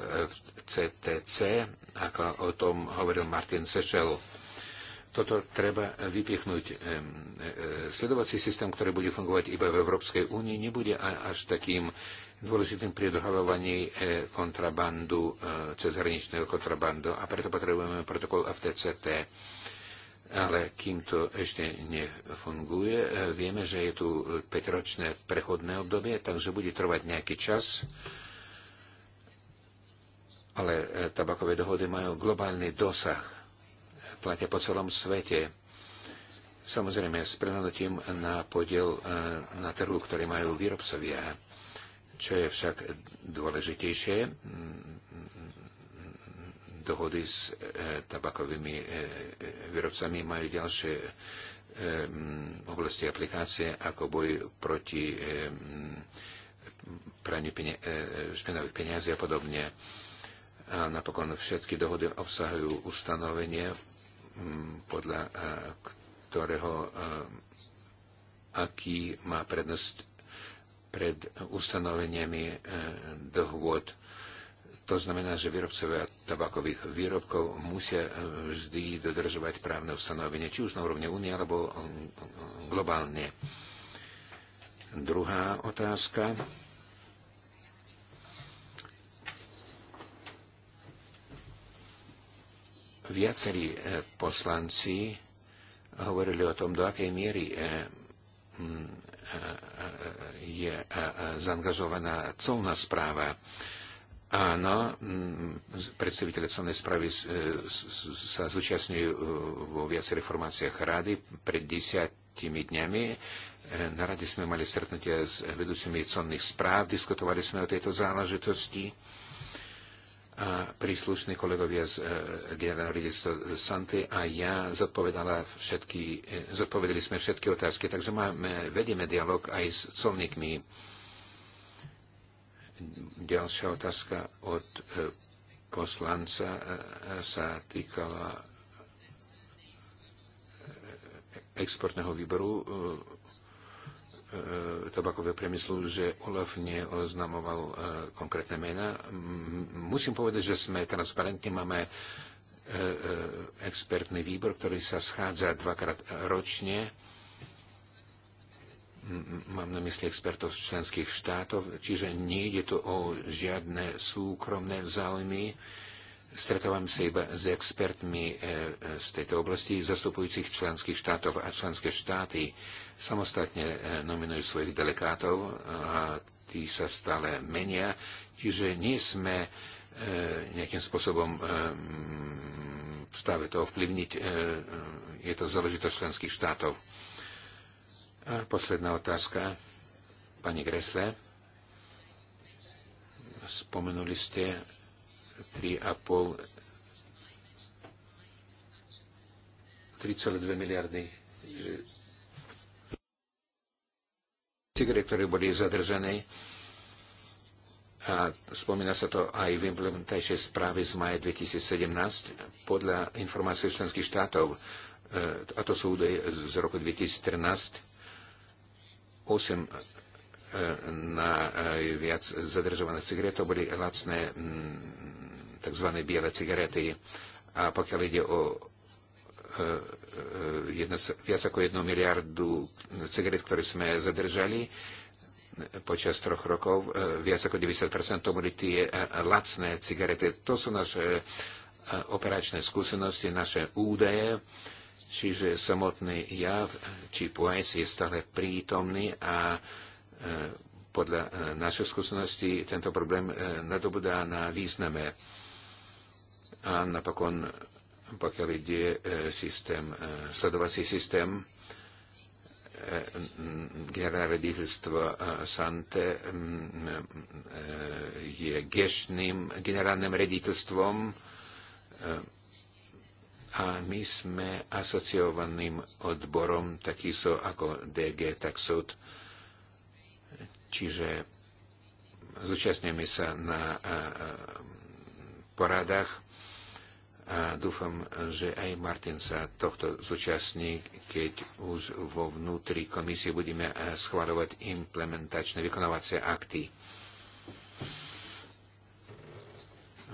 CTC, e, ako o tom hovoril Martin Sešel. Toto treba vypichnúť. Sledovací systém, ktorý bude fungovať iba v Európskej únii, nebude až takým dôležitým pri dohalovaní kontrabandu, cezhraničného kontrabandu a preto potrebujeme protokol FTCT ale kým to ešte nefunguje, e, vieme, že je tu 5-ročné prechodné obdobie, takže bude trvať nejaký čas. Ale e, tabakové dohody majú globálny dosah. Platia po celom svete. Samozrejme, s prenadotím na podiel e, na trhu, ktorý majú výrobcovia. Čo je však dôležitejšie, dohody s e, tabakovými e, e, výrobcami majú ďalšie oblasti aplikácie ako boj proti praniu špinavých peniazí a podobne. A napokon všetky dohody obsahujú ustanovenie, podľa ktorého aký má prednosť pred ustanoveniami dohôd to znamená, že výrobcovia tabakových výrobkov musia e, vždy dodržovať právne ustanovenie, či už na úrovni únie alebo globálne. Druhá otázka. Viacerí e, poslanci hovorili o tom, do akej miery e, je zaangažovaná colná správa. Áno, mm, predstaviteľe celnej správy e, sa zúčastňujú e, vo viacerých reformáciách rady. Pred desiatimi dňami e, na rade sme mali stretnutie s vedúcimi celných správ, diskutovali sme o tejto záležitosti a príslušní kolegovia z generálneho riaditeľstva Santy a ja zodpovedala všetky, zodpovedali sme všetky otázky, takže máme, vedieme dialog aj s colníkmi Ďalšia otázka od e, poslanca e, e, sa týkala exportného výboru tabakového priemyslu, že Olaf neoznamoval konkrétne mena. Musím povedať, že sme transparentní, máme expertný výbor, ktorý sa schádza dvakrát ročne mám na mysli expertov z členských štátov, čiže nie je to o žiadne súkromné záujmy. Stretávam sa iba s expertmi e, e, z tejto oblasti, zastupujúcich členských štátov a členské štáty samostatne e, nominujú svojich delegátov a tí sa stále menia, čiže nie sme nejakým spôsobom v stave to ovplyvniť. Je to záležitosť členských štátov. A posledná otázka, pani Gresle. Spomenuli ste 3,5 3,2 miliardy cigaret, ktoré boli zadržané. A spomína sa to aj v implementačnej správe z maja 2017 podľa informácie členských štátov, e, a to sú údaje z roku 2013, 8 e, na e, viac zadržovaných cigaret, to boli lacné mm, tzv. biele cigarety. A pokiaľ ide o e, jedna, viac ako jednu miliardu cigaret, ktoré sme zadržali počas troch rokov, viac ako 90% to boli tie lacné cigarety. To sú naše operačné skúsenosti, naše údaje. Čiže samotný jav či poes je stále prítomný a e, podľa e, našej skúsenosti tento problém e, nadobudá na význame. A napokon, pokiaľ ide systém, sledovací systém, generálne riaditeľstvo Sante je gešným generálnym rediteľstvom a my sme asociovaným odborom takisto ako DG súd. čiže zúčastňujeme sa na poradách a dúfam, že aj Martin sa tohto zúčastní, keď už vo vnútri komisie budeme schváľovať implementačné vykonávacie akty.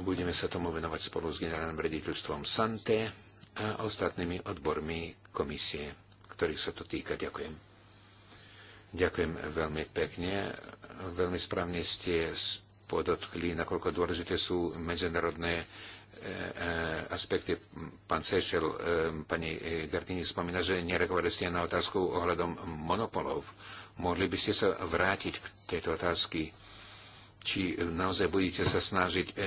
Budeme sa tomu venovať spolu s generálnym rediteľstvom Sante a ostatnými odbormi komisie, ktorých sa to týka. Ďakujem. Ďakujem veľmi pekne. Veľmi správne ste podotkli, nakoľko dôležité sú medzinárodné e, e, aspekty. Pán Sešel, e, pani Gardini spomína, že nereagovali ste na otázku ohľadom monopolov. Mohli by ste sa vrátiť k tejto otázky? či naozaj budete sa snažiť e, e,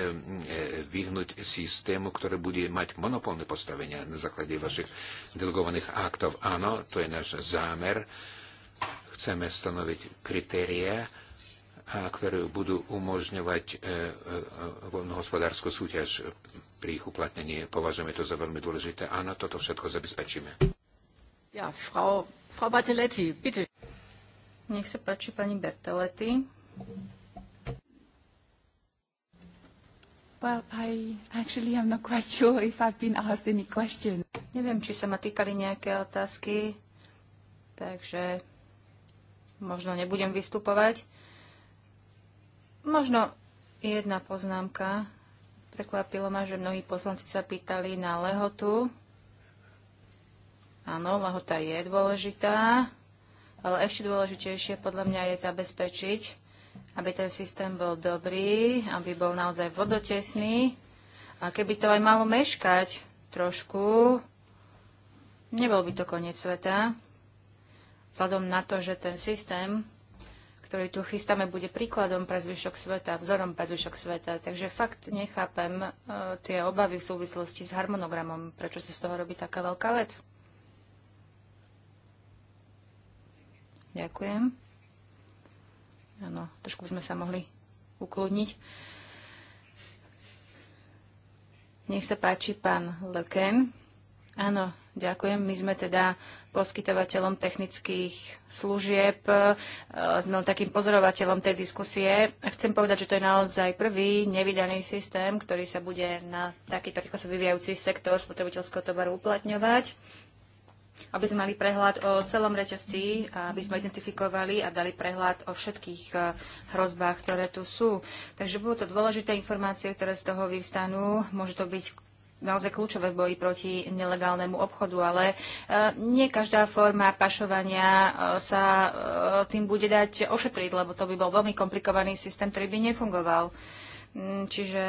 vyhnúť systému, ktoré bude mať monopolné postavenia na základe vašich delegovaných aktov. Áno, to je náš zámer. Chceme stanoviť kritéria, ktoré budú umožňovať eh, voľnohospodárskú súťaž pri ich uplatnení. Považujeme to za veľmi dôležité. Áno, toto všetko zabezpečíme. Ja, Frau, Frau Barteletti, bitte. Nech sa páči, pani Berteletti. Well, I actually am not quite sure if I've been asked any question. Neviem, či sa ma týkali nejaké otázky, takže možno nebudem vystupovať. Možno jedna poznámka. Prekvapilo ma, že mnohí poslanci sa pýtali na lehotu. Áno, lehota je dôležitá, ale ešte dôležitejšie podľa mňa je zabezpečiť, aby ten systém bol dobrý, aby bol naozaj vodotesný. A keby to aj malo meškať trošku, nebol by to koniec sveta. Vzhľadom na to, že ten systém, ktorý tu chystáme, bude príkladom pre zvyšok sveta, vzorom pre zvyšok sveta. Takže fakt nechápem e, tie obavy v súvislosti s harmonogramom, prečo sa z toho robí taká veľká vec. Ďakujem. Áno, trošku by sme sa mohli ukludniť. Nech sa páči, pán Leken. Áno, ďakujem. My sme teda poskytovateľom technických služieb, no, takým pozorovateľom tej diskusie. A chcem povedať, že to je naozaj prvý nevydaný systém, ktorý sa bude na takýto rýchlo sa vyvíjajúci sektor spotrebiteľského tovaru uplatňovať aby sme mali prehľad o celom reťazci, aby sme identifikovali a dali prehľad o všetkých eh, hrozbách, ktoré tu sú. Takže budú to dôležité informácie, ktoré z toho vyvstanú. Môže to byť naozaj kľúčové v boji proti nelegálnemu obchodu, ale eh, nie každá forma pašovania eh, sa tým bude dať ošetriť, lebo to by bol veľmi komplikovaný systém, ktorý by nefungoval. Mm, čiže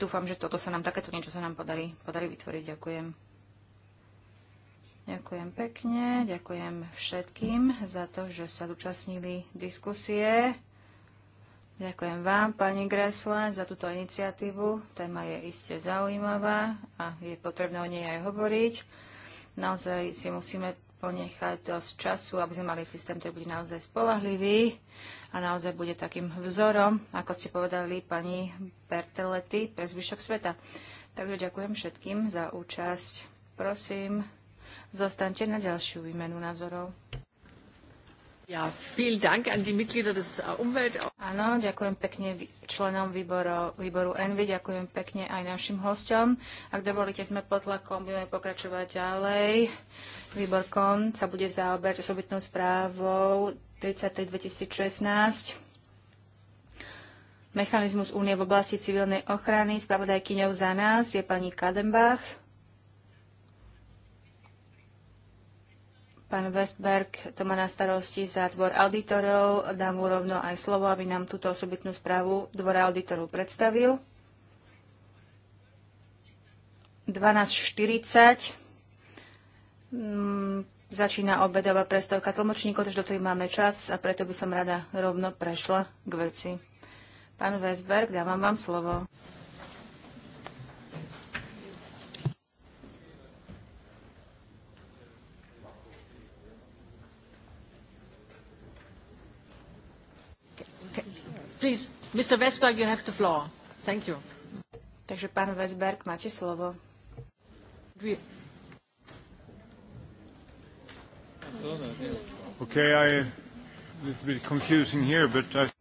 dúfam, že toto sa nám, takéto niečo sa nám podarí, podarí vytvoriť. Ďakujem. Ďakujem pekne, ďakujem všetkým za to, že sa zúčastnili diskusie. Ďakujem vám, pani Gresle, za túto iniciatívu. Téma je iste zaujímavá a je potrebné o nej aj hovoriť. Naozaj si musíme ponechať dosť času, aby sme mali systém, ktorý bude naozaj spolahlivý a naozaj bude takým vzorom, ako ste povedali pani Bertelety pre zvyšok sveta. Takže ďakujem všetkým za účasť. Prosím, zostaňte na ďalšiu výmenu názorov. Ja, vielen Dank an die Mitglieder des äh, Umwelt. Áno, ďakujem pekne členom výboru, výboru ENVY, ďakujem pekne aj našim hosťom. Ak dovolíte, sme pod tlakom, budeme pokračovať ďalej. Výbor KON sa bude zaoberať osobitnou správou 33 2016 mechanizmus únie v oblasti civilnej ochrany. Spravodajkyňou za nás je pani Kadenbach. Pán Westberg to má na starosti za dvor auditorov. Dám mu rovno aj slovo, aby nám túto osobitnú správu dvora auditorov predstavil. 12.40 mm, začína obedová prestávka tlmočníkov, takže do tej máme čas a preto by som rada rovno prešla k veci. Pán Westberg, dávam vám slovo. Please, Mr. Vesberg, you have the floor. Thank you. Takže pán Vesberg, máte slovo. Okay, I, it's a bit confusing here, but I...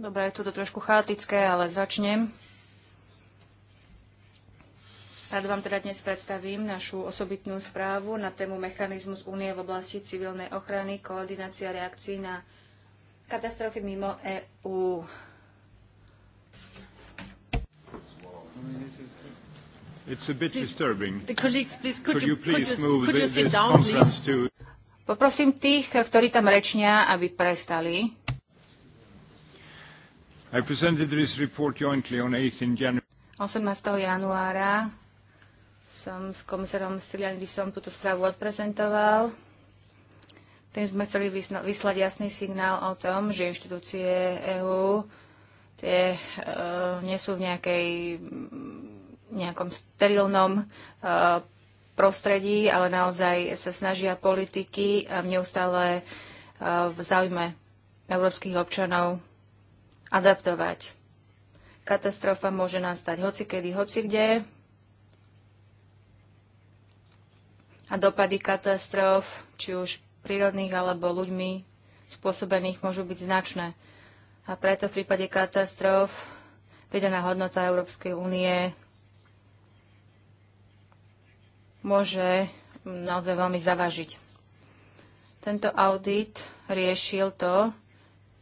Dobre, je to trošku chaotické, ale začnem. Rád vám teda dnes predstavím našu osobitnú správu na tému mechanizmus únie v oblasti civilnej ochrany, koordinácia reakcií na katastrofy mimo EÚ. It's a bit please, disturbing. The colleagues, please, could, could you, you please could move could you this down, conference please? to... Poprosím tých, ktorí tam rečnia, aby prestali. I presented this report jointly on 18 January. 18. januára som s komisárom Stylianidisom túto správu odprezentoval. Tým sme chceli vyslať jasný signál o tom, že inštitúcie EÚ tie e, nie sú v nejakej, nejakom sterilnom e, prostredí, ale naozaj sa snažia politiky a neustále e, v záujme európskych občanov adaptovať. Katastrofa môže nastať hocikedy, hocikde. A dopady katastrof, či už prírodných alebo ľuďmi spôsobených môžu byť značné. A preto v prípade katastrof vydaná hodnota Európskej únie môže naozaj veľmi zavažiť. Tento audit riešil to,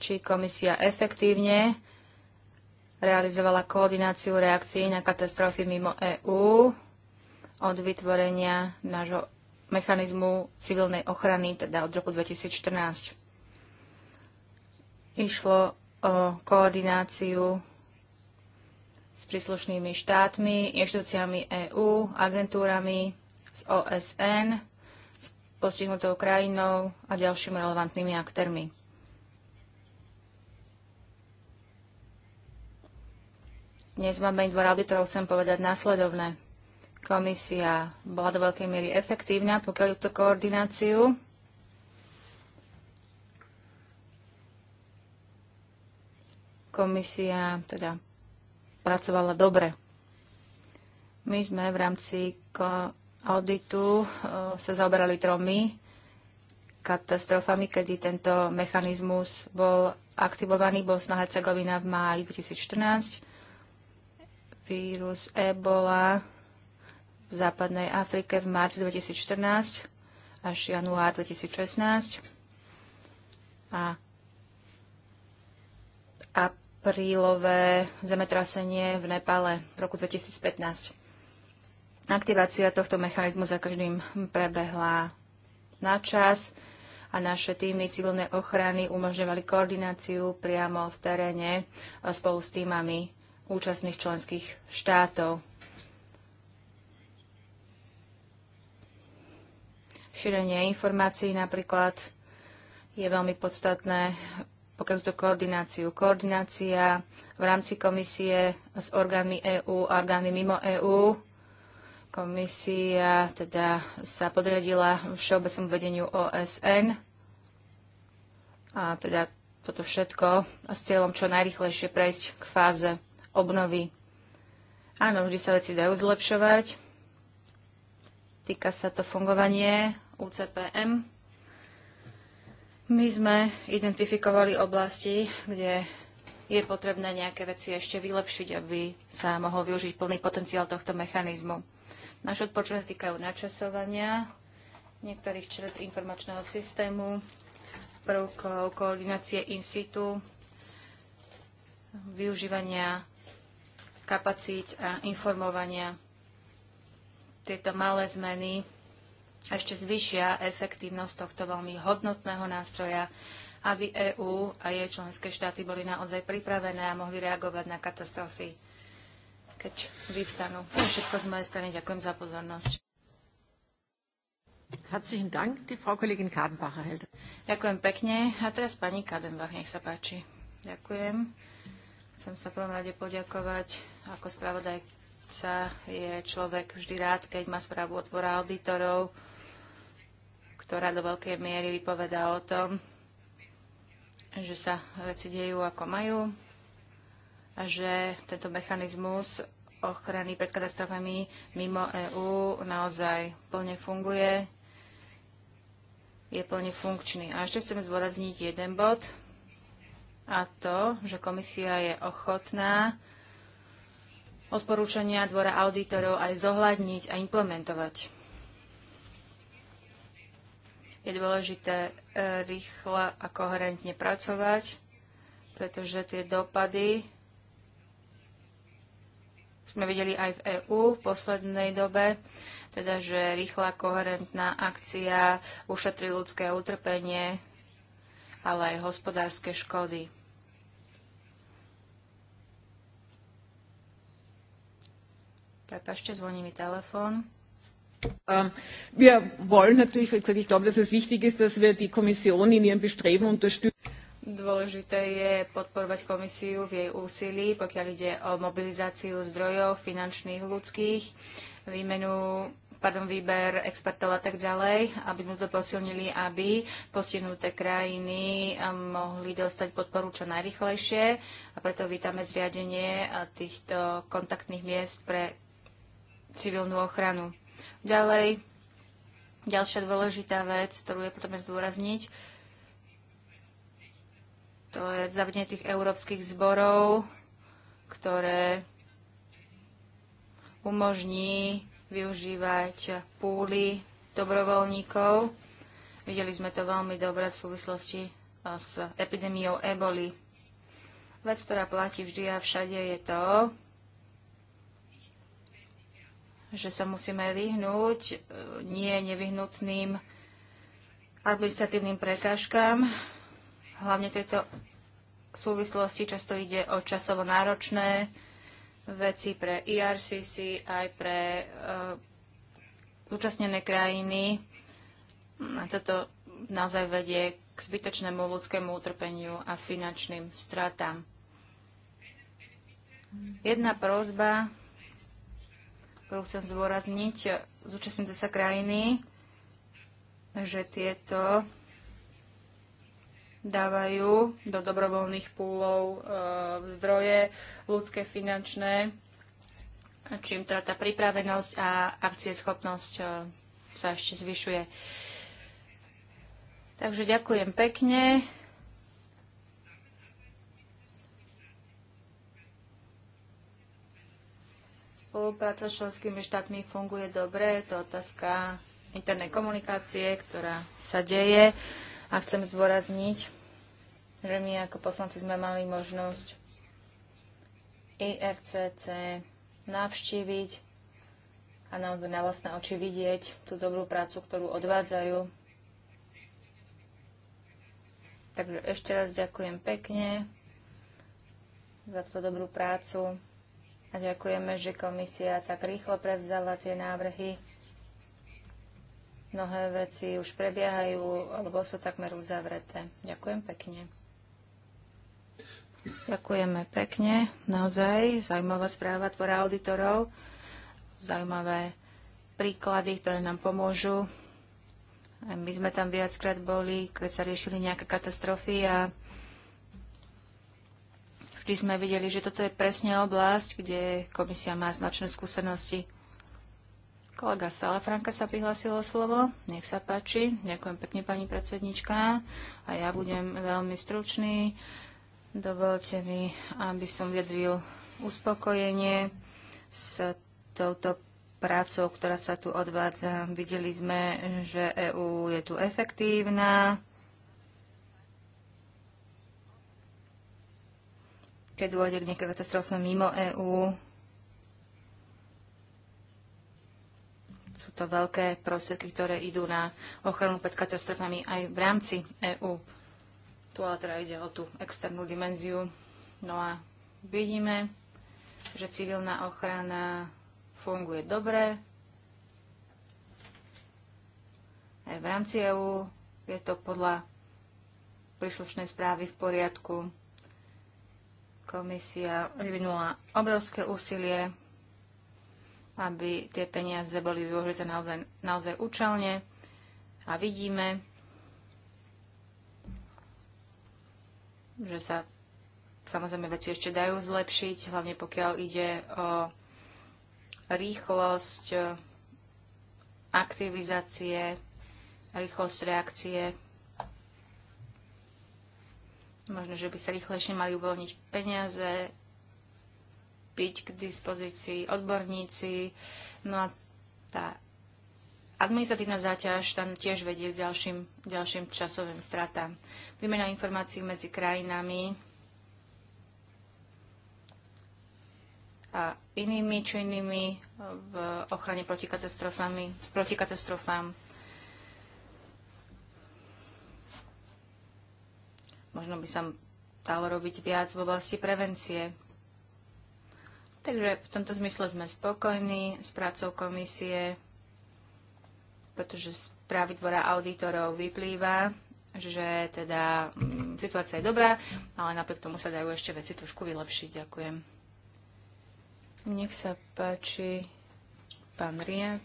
či komisia efektívne realizovala koordináciu reakcií na katastrofy mimo EÚ od vytvorenia nášho mechanizmu civilnej ochrany, teda od roku 2014. Išlo o koordináciu s príslušnými štátmi, inštitúciami EÚ, agentúrami, s OSN, s postihnutou krajinou a ďalšími relevantnými aktérmi. Dnes máme dvor auditorov chcem povedať následovné. Komisia bola do veľkej miery efektívna, pokiaľ túto koordináciu. Komisia teda pracovala dobre. My sme v rámci auditu e, sa zaoberali tromi katastrofami, kedy tento mechanizmus bol aktivovaný. Bosna Hercegovina v máji 2014, vírus Ebola v západnej Afrike v marci 2014 až január 2016 a aprílové zemetrasenie v Nepále v roku 2015. Aktivácia tohto mechanizmu za každým prebehla na čas a naše týmy civilnej ochrany umožňovali koordináciu priamo v teréne spolu s týmami účastných členských štátov. Šírenie informácií napríklad je veľmi podstatné, pokiaľ tú koordináciu. Koordinácia v rámci komisie s orgánmi EÚ a orgánmi mimo EÚ. Komisia teda sa podriadila všeobecnému vedeniu OSN a teda toto všetko s cieľom čo najrychlejšie prejsť k fáze obnovy. Áno, vždy sa veci dajú zlepšovať. Týka sa to fungovanie UCPM. My sme identifikovali oblasti, kde je potrebné nejaké veci ešte vylepšiť, aby sa mohol využiť plný potenciál tohto mechanizmu. Naše odporúčania týkajú načasovania niektorých čred informačného systému, prvkov koordinácie in situ, využívania kapacít a informovania. Tieto malé zmeny ešte zvyšia efektívnosť tohto veľmi hodnotného nástroja, aby EÚ a jej členské štáty boli naozaj pripravené a mohli reagovať na katastrofy, keď vyvstanú. To všetko z mojej strany. Ďakujem za pozornosť. Herzlichen Dank. Die Frau Kollegin Ďakujem pekne. A teraz pani Kadenbach, nech sa páči. Ďakujem. Chcem sa veľmi rade poďakovať ako spravodajca je človek vždy rád, keď má správu od auditorov ktorá do veľkej miery vypovedá o tom, že sa veci dejú ako majú a že tento mechanizmus ochrany pred katastrofami mimo EÚ naozaj plne funguje, je plne funkčný. A ešte chcem zdôrazniť jeden bod, a to, že komisia je ochotná odporúčania dvora auditorov aj zohľadniť a implementovať. Je dôležité e, rýchle a koherentne pracovať, pretože tie dopady sme videli aj v EÚ v poslednej dobe, teda že rýchla koherentná akcia ušetrí ľudské utrpenie, ale aj hospodárske škody. Prepašte, zvoní mi telefón. Ähm, wir wollen natürlich, wie gesagt, ich glaube, dass es wichtig ist, dass wir die Kommission in ihrem Bestreben unterstützen. Dôležité je podporovať komisiu v jej úsilí, pokiaľ ide o mobilizáciu zdrojov finančných, ľudských, výmenu pardon, výber expertov a tak ďalej, aby sme to posilnili, aby postihnuté krajiny um, mohli dostať podporu čo najrychlejšie. A preto vítame zriadenie týchto kontaktných miest pre civilnú ochranu. Ďalej, ďalšia dôležitá vec, ktorú je potom zdôrazniť, to je zavedenie tých európskych zborov, ktoré umožní využívať púly dobrovoľníkov. Videli sme to veľmi dobre v súvislosti s epidémiou eboli. Vec, ktorá platí vždy a všade, je to, že sa musíme vyhnúť e, nie nevyhnutným administratívnym prekážkam. Hlavne v tejto súvislosti často ide o časovo náročné veci pre ERCC aj pre zúčastnené zúčastnené krajiny. A toto naozaj vedie k zbytočnému ľudskému utrpeniu a finančným stratám. Jedna prozba ktorú chcem zdôrazniť. Zúčastňujú sa krajiny, že tieto dávajú do dobrovoľných púlov e, zdroje ľudské, finančné, čím teda tá pripravenosť a akcieschopnosť e, sa ešte zvyšuje. Takže ďakujem pekne. Spolupráca s členskými štátmi funguje dobre, je to otázka internej komunikácie, ktorá sa deje. A chcem zdôrazniť, že my ako poslanci sme mali možnosť IFCC navštíviť a naozaj na vlastné oči vidieť tú dobrú prácu, ktorú odvádzajú. Takže ešte raz ďakujem pekne za tú dobrú prácu. A ďakujeme, že komisia tak rýchlo prevzala tie návrhy. Mnohé veci už prebiehajú alebo sú takmer uzavreté. Ďakujem pekne. Ďakujeme pekne, naozaj zaujímavá správa tvora auditorov, zaujímavé príklady, ktoré nám pomôžu. My sme tam viackrát boli, keď sa riešili nejaké katastrofy a Vždy sme videli, že toto je presne oblasť, kde komisia má značné skúsenosti. Kolega Salafranka sa prihlásilo slovo. Nech sa páči. Ďakujem pekne, pani predsednička. A ja budem veľmi stručný. Dovolte mi, aby som vyjadril uspokojenie s touto prácou, ktorá sa tu odvádza. Videli sme, že EÚ je tu efektívna, keď dôjde k nejaké katastrofe mimo EÚ. Sú to veľké prostriedky, ktoré idú na ochranu pred katastrofami aj v rámci EÚ. Tu ale teda ide o tú externú dimenziu. No a vidíme, že civilná ochrana funguje dobre. Aj v rámci EÚ je to podľa príslušnej správy v poriadku. Komisia vyvinula obrovské úsilie, aby tie peniaze boli využité naozaj, naozaj účelne a vidíme, že sa samozrejme veci ešte dajú zlepšiť, hlavne pokiaľ ide o rýchlosť aktivizácie, rýchlosť reakcie Možno, že by sa rýchlejšie mali uvoľniť peniaze, byť k dispozícii odborníci. No a tá administratívna záťaž tam tiež vedie k ďalším, ďalším časovým stratám. Výmena informácií medzi krajinami a inými činnými v ochrane proti, proti katastrofám Možno by sa dalo robiť viac v oblasti prevencie. Takže v tomto zmysle sme spokojní s prácou komisie, pretože z právy dvora auditorov vyplýva, že teda mm, situácia je dobrá, ale napriek tomu sa dajú ešte veci trošku vylepšiť. Ďakujem. Nech sa páči pán Ria,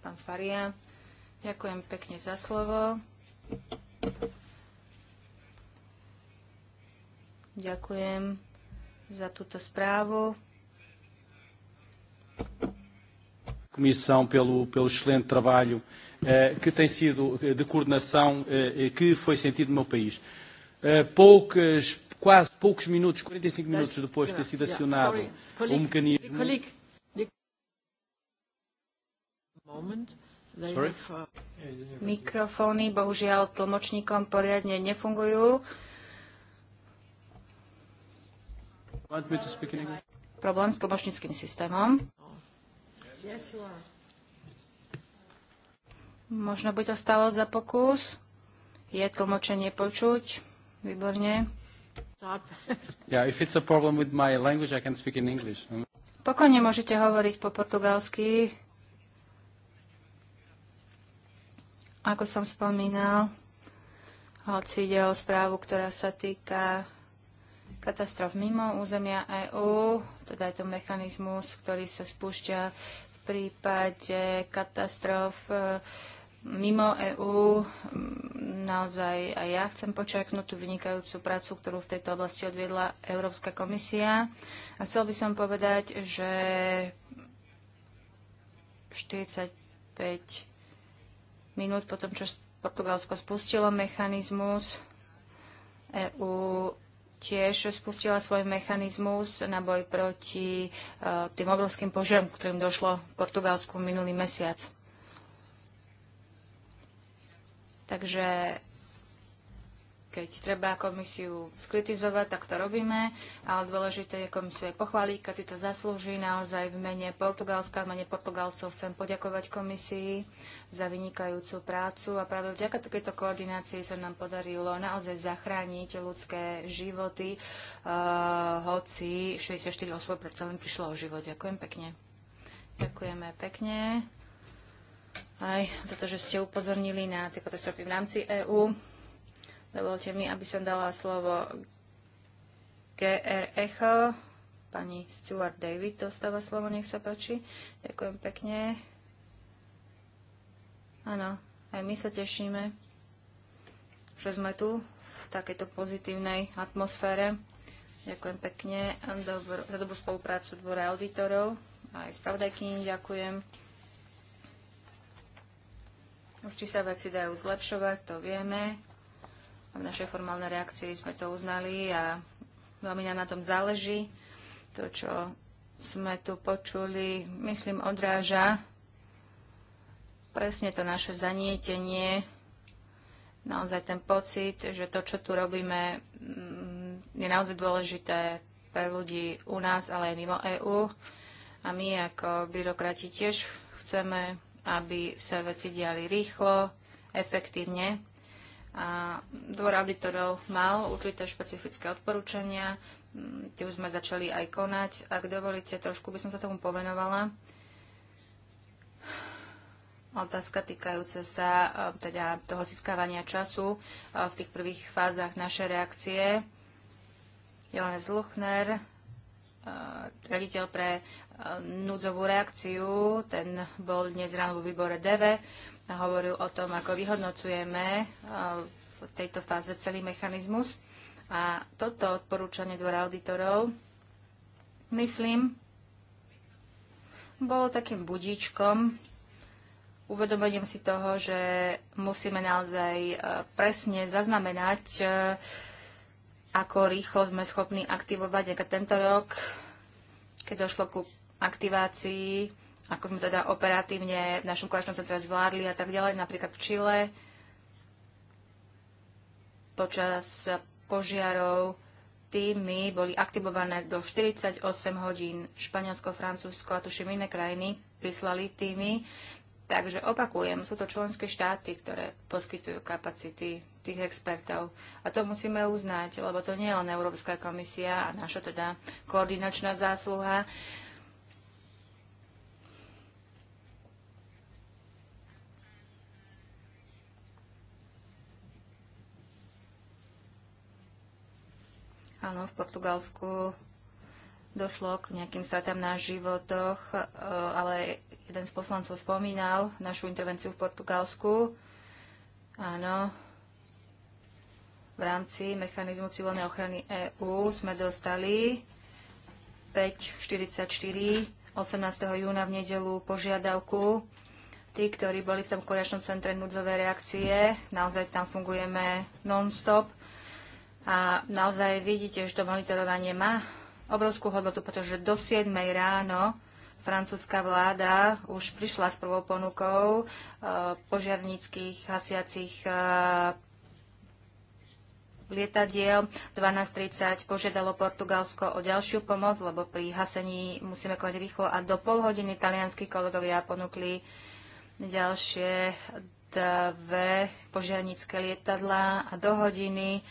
pán Faria. Ďakujem pekne za slovo. Ďakujem za túto správu. Comissão pelo, pelo excelente trabalho eh, que tem sido de coordenação eh, e que foi sentido no meu país. Eh, poucas, quase poucos minutos, 45 e minutos depois de ter sido acionado o um mecanismo. Moment. Sorry? Mikrofóny bohužiaľ tlmočníkom poriadne nefungujú. Problém s tlmočníckým systémom. Yes, Možno by to stalo za pokus. Je tlmočenie počuť. Výborne. Pokojne môžete hovoriť po portugalsky. Ako som spomínal, hoci ide o správu, ktorá sa týka katastrof mimo územia EÚ, teda je to mechanizmus, ktorý sa spúšťa v prípade katastrof e, mimo EÚ. Naozaj aj ja chcem počaknúť tú vynikajúcu prácu, ktorú v tejto oblasti odviedla Európska komisia. A chcel by som povedať, že 45 minút po tom, čo Portugalsko spustilo mechanizmus. EU tiež spustila svoj mechanizmus na boj proti uh, tým obrovským požiarom, ktorým došlo v Portugalsku minulý mesiac. Takže keď treba komisiu skritizovať, tak to robíme, ale dôležité je komisiu aj pochváliť, keď si to zaslúži. Naozaj v mene Portugalska, v mene Portugalcov chcem poďakovať komisii za vynikajúcu prácu a práve vďaka takéto koordinácii sa nám podarilo naozaj zachrániť ľudské životy, uh, hoci 64 osôb predsa len prišlo o život. Ďakujem pekne. Ďakujeme pekne aj za to, že ste upozornili na tie katastrofy v rámci EÚ. Dovolte mi, aby som dala slovo GR Echo. Pani Stuart David dostáva slovo, nech sa páči. Ďakujem pekne. Áno, aj my sa tešíme, že sme tu v takejto pozitívnej atmosfére. Ďakujem pekne Dobro, za dobrú spoluprácu dvore auditorov. Aj spravodajkyni ďakujem. Už či sa veci dajú zlepšovať, to vieme. A v našej formálnej reakcii sme to uznali a veľmi nám na tom záleží. To, čo sme tu počuli, myslím, odráža presne to naše zanietenie, naozaj ten pocit, že to, čo tu robíme, mm, je naozaj dôležité pre ľudí u nás, ale aj mimo EÚ. A my ako byrokrati tiež chceme, aby sa veci diali rýchlo, efektívne a dvor auditorov mal určité špecifické odporúčania, tie už sme začali aj konať. Ak dovolíte, trošku by som sa tomu povenovala. Otázka týkajúca sa e, teda toho získavania času e, v tých prvých fázach naše reakcie. Jonas Luchner, e, riaditeľ pre núdzovú reakciu, ten bol dnes ráno vo výbore DV hovoril o tom, ako vyhodnocujeme v tejto fáze celý mechanizmus. A toto odporúčanie dvora auditorov, myslím, bolo takým budičkom, uvedomením si toho, že musíme naozaj e, presne zaznamenať, e, ako rýchlo sme schopní aktivovať. tento rok, keď došlo ku aktivácii ako sme teda operatívne v našom koračnom centre zvládli a tak ďalej, napríklad v Čile počas požiarov týmy boli aktivované do 48 hodín. Španielsko, Francúzsko a tuším iné krajiny vyslali týmy. Takže opakujem, sú to členské štáty, ktoré poskytujú kapacity tých expertov. A to musíme uznať, lebo to nie je len Európska komisia a naša teda koordinačná zásluha. Áno, v Portugalsku došlo k nejakým stratám na životoch, e, ale jeden z poslancov spomínal našu intervenciu v Portugalsku. Áno, v rámci mechanizmu civilnej ochrany EÚ sme dostali 5.44 18. júna v nedelu požiadavku. Tí, ktorí boli v tom koreačnom centre núdzové reakcie, naozaj tam fungujeme non-stop. A naozaj vidíte, že to monitorovanie má obrovskú hodnotu, pretože do 7 ráno francúzska vláda už prišla s prvou ponukou e, požiarníckých hasiacich e, lietadiel. 12.30 požiadalo Portugalsko o ďalšiu pomoc, lebo pri hasení musíme konať rýchlo a do pol hodiny italianskí kolegovia ponúkli ďalšie dve požiarnícke lietadlá a do hodiny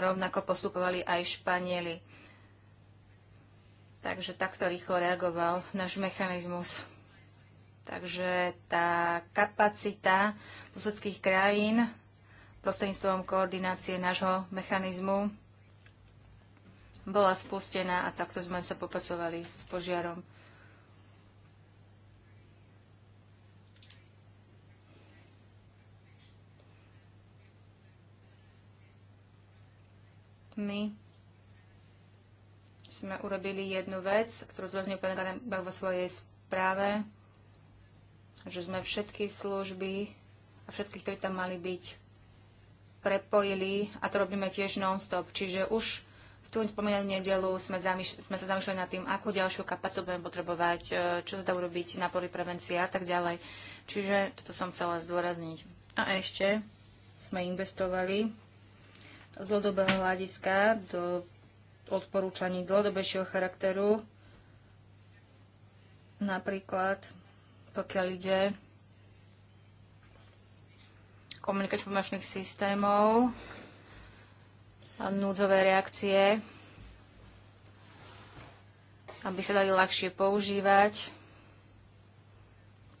rovnako postupovali aj Španieli. Takže takto rýchlo reagoval náš mechanizmus. Takže tá kapacita susedských krajín prostredníctvom koordinácie nášho mechanizmu bola spustená a takto sme sa popasovali s požiarom. My sme urobili jednu vec, ktorú zdôraznil pán Galenbach vo svojej správe, že sme všetky služby a všetky, ktorí tam mali byť, prepojili a to robíme tiež non-stop. Čiže už v tú spomínanú nedelu sme, zamýš- sme sa zamýšľali nad tým, akú ďalšiu kapacitu budeme potrebovať, e, čo sa dá urobiť na poli prevencie a tak ďalej. Čiže toto som chcela zdôrazniť. A ešte sme investovali z dlhodobého hľadiska do odporúčaní dlhodobejšieho charakteru, napríklad pokiaľ ide komunikačných pomáčných systémov, a núdzové reakcie, aby sa dali ľahšie používať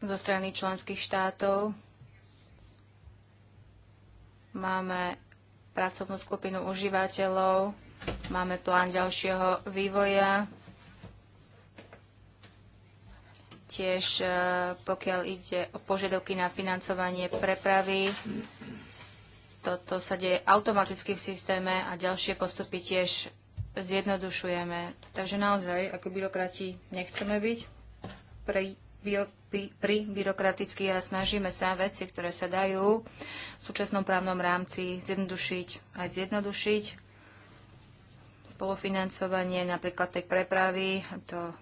zo strany členských štátov. Máme pracovnú skupinu užívateľov, máme plán ďalšieho vývoja. Tiež e, pokiaľ ide o požiadavky na financovanie prepravy, toto sa deje automaticky v systéme a ďalšie postupy tiež zjednodušujeme. Takže naozaj, ako byrokrati nechceme byť, pre byrokraticky a snažíme sa veci, ktoré sa dajú v súčasnom právnom rámci zjednodušiť aj zjednodušiť. Spolufinancovanie napríklad tej prepravy, to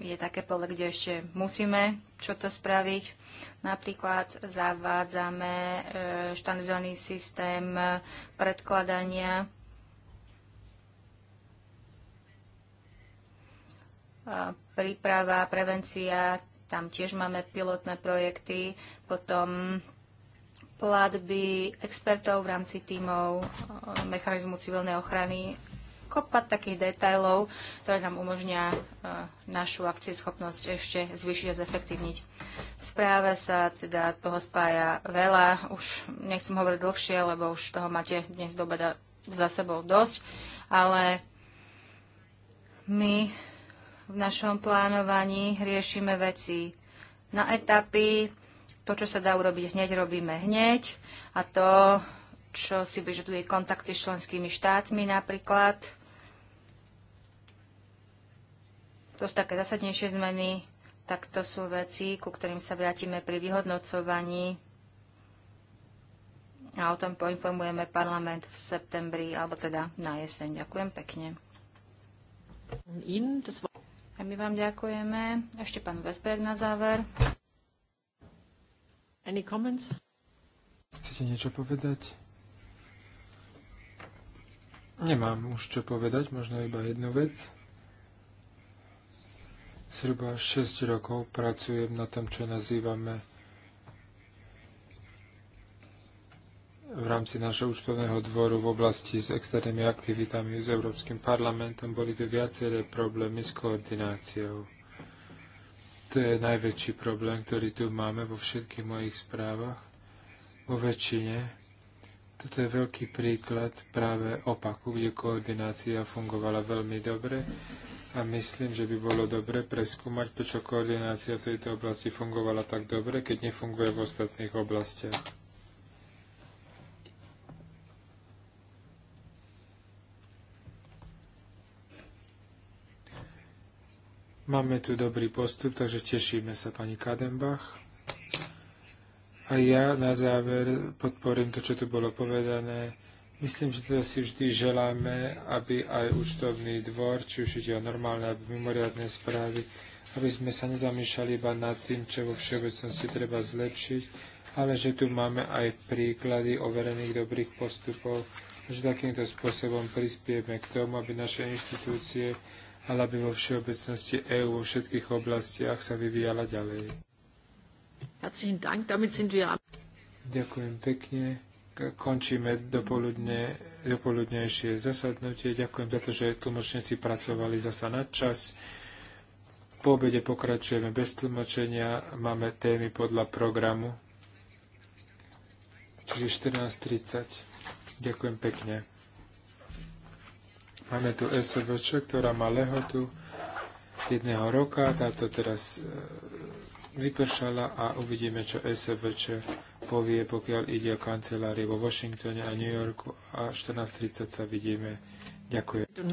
je také pole, kde ešte musíme čo to spraviť. Napríklad zavádzame e, štandardizovaný systém e, predkladania príprava, prevencia, tam tiež máme pilotné projekty, potom platby expertov v rámci tímov, e, mechanizmu civilnej ochrany, kopa takých detajlov, ktoré nám umožňa e, našu akcieschopnosť ešte zvýšiť a zefektívniť. V správe sa teda toho spája veľa, už nechcem hovoriť dlhšie, lebo už toho máte dnes do za sebou dosť, ale my v našom plánovaní riešime veci na etapy. To, čo sa dá urobiť hneď, robíme hneď. A to, čo si vyžaduje kontakty s členskými štátmi napríklad, to sú také zásadnejšie zmeny, tak to sú veci, ku ktorým sa vrátime pri vyhodnocovaní a o tom poinformujeme parlament v septembri, alebo teda na jeseň. Ďakujem pekne. A my vám ďakujeme. Ešte pán Vesberg na záver. Any comments? Chcete niečo povedať? Nemám už čo povedať, možno iba jednu vec. Zhruba 6 rokov pracujem na tom, čo nazývame v rámci nášho účtovného dvoru v oblasti s externými aktivitami s Európskym parlamentom boli tu viaceré problémy s koordináciou. To je najväčší problém, ktorý tu máme vo všetkých mojich správach. Vo väčšine. Toto je veľký príklad práve opaku, kde koordinácia fungovala veľmi dobre a myslím, že by bolo dobre preskúmať, prečo koordinácia v tejto oblasti fungovala tak dobre, keď nefunguje v ostatných oblastiach. Máme tu dobrý postup, takže tešíme sa pani Kadenbach. A ja na záver podporím to, čo tu bolo povedané. Myslím, že to si vždy želáme, aby aj účtovný dvor, či už ide o normálne alebo mimoriadne správy, aby sme sa nezamýšľali iba nad tým, čo vo všeobecnosti treba zlepšiť, ale že tu máme aj príklady overených dobrých postupov, že takýmto spôsobom prispieme k tomu, aby naše inštitúcie ale aby vo všeobecnosti EÚ vo všetkých oblastiach sa vyvíjala ďalej. Ďakujem pekne. Končíme dopoludne, dopoludnejšie zasadnutie. Ďakujem za to, že tlmočníci pracovali zasa na čas. Po obede pokračujeme bez tlmočenia. Máme témy podľa programu. Čiže 14.30. Ďakujem pekne. Máme tu SVČ, ktorá má lehotu jedného roka, táto teraz e, vypršala a uvidíme, čo SVČ povie, pokiaľ ide o kancelárie vo Washingtone a New Yorku a 14.30 sa vidíme. Ďakujem.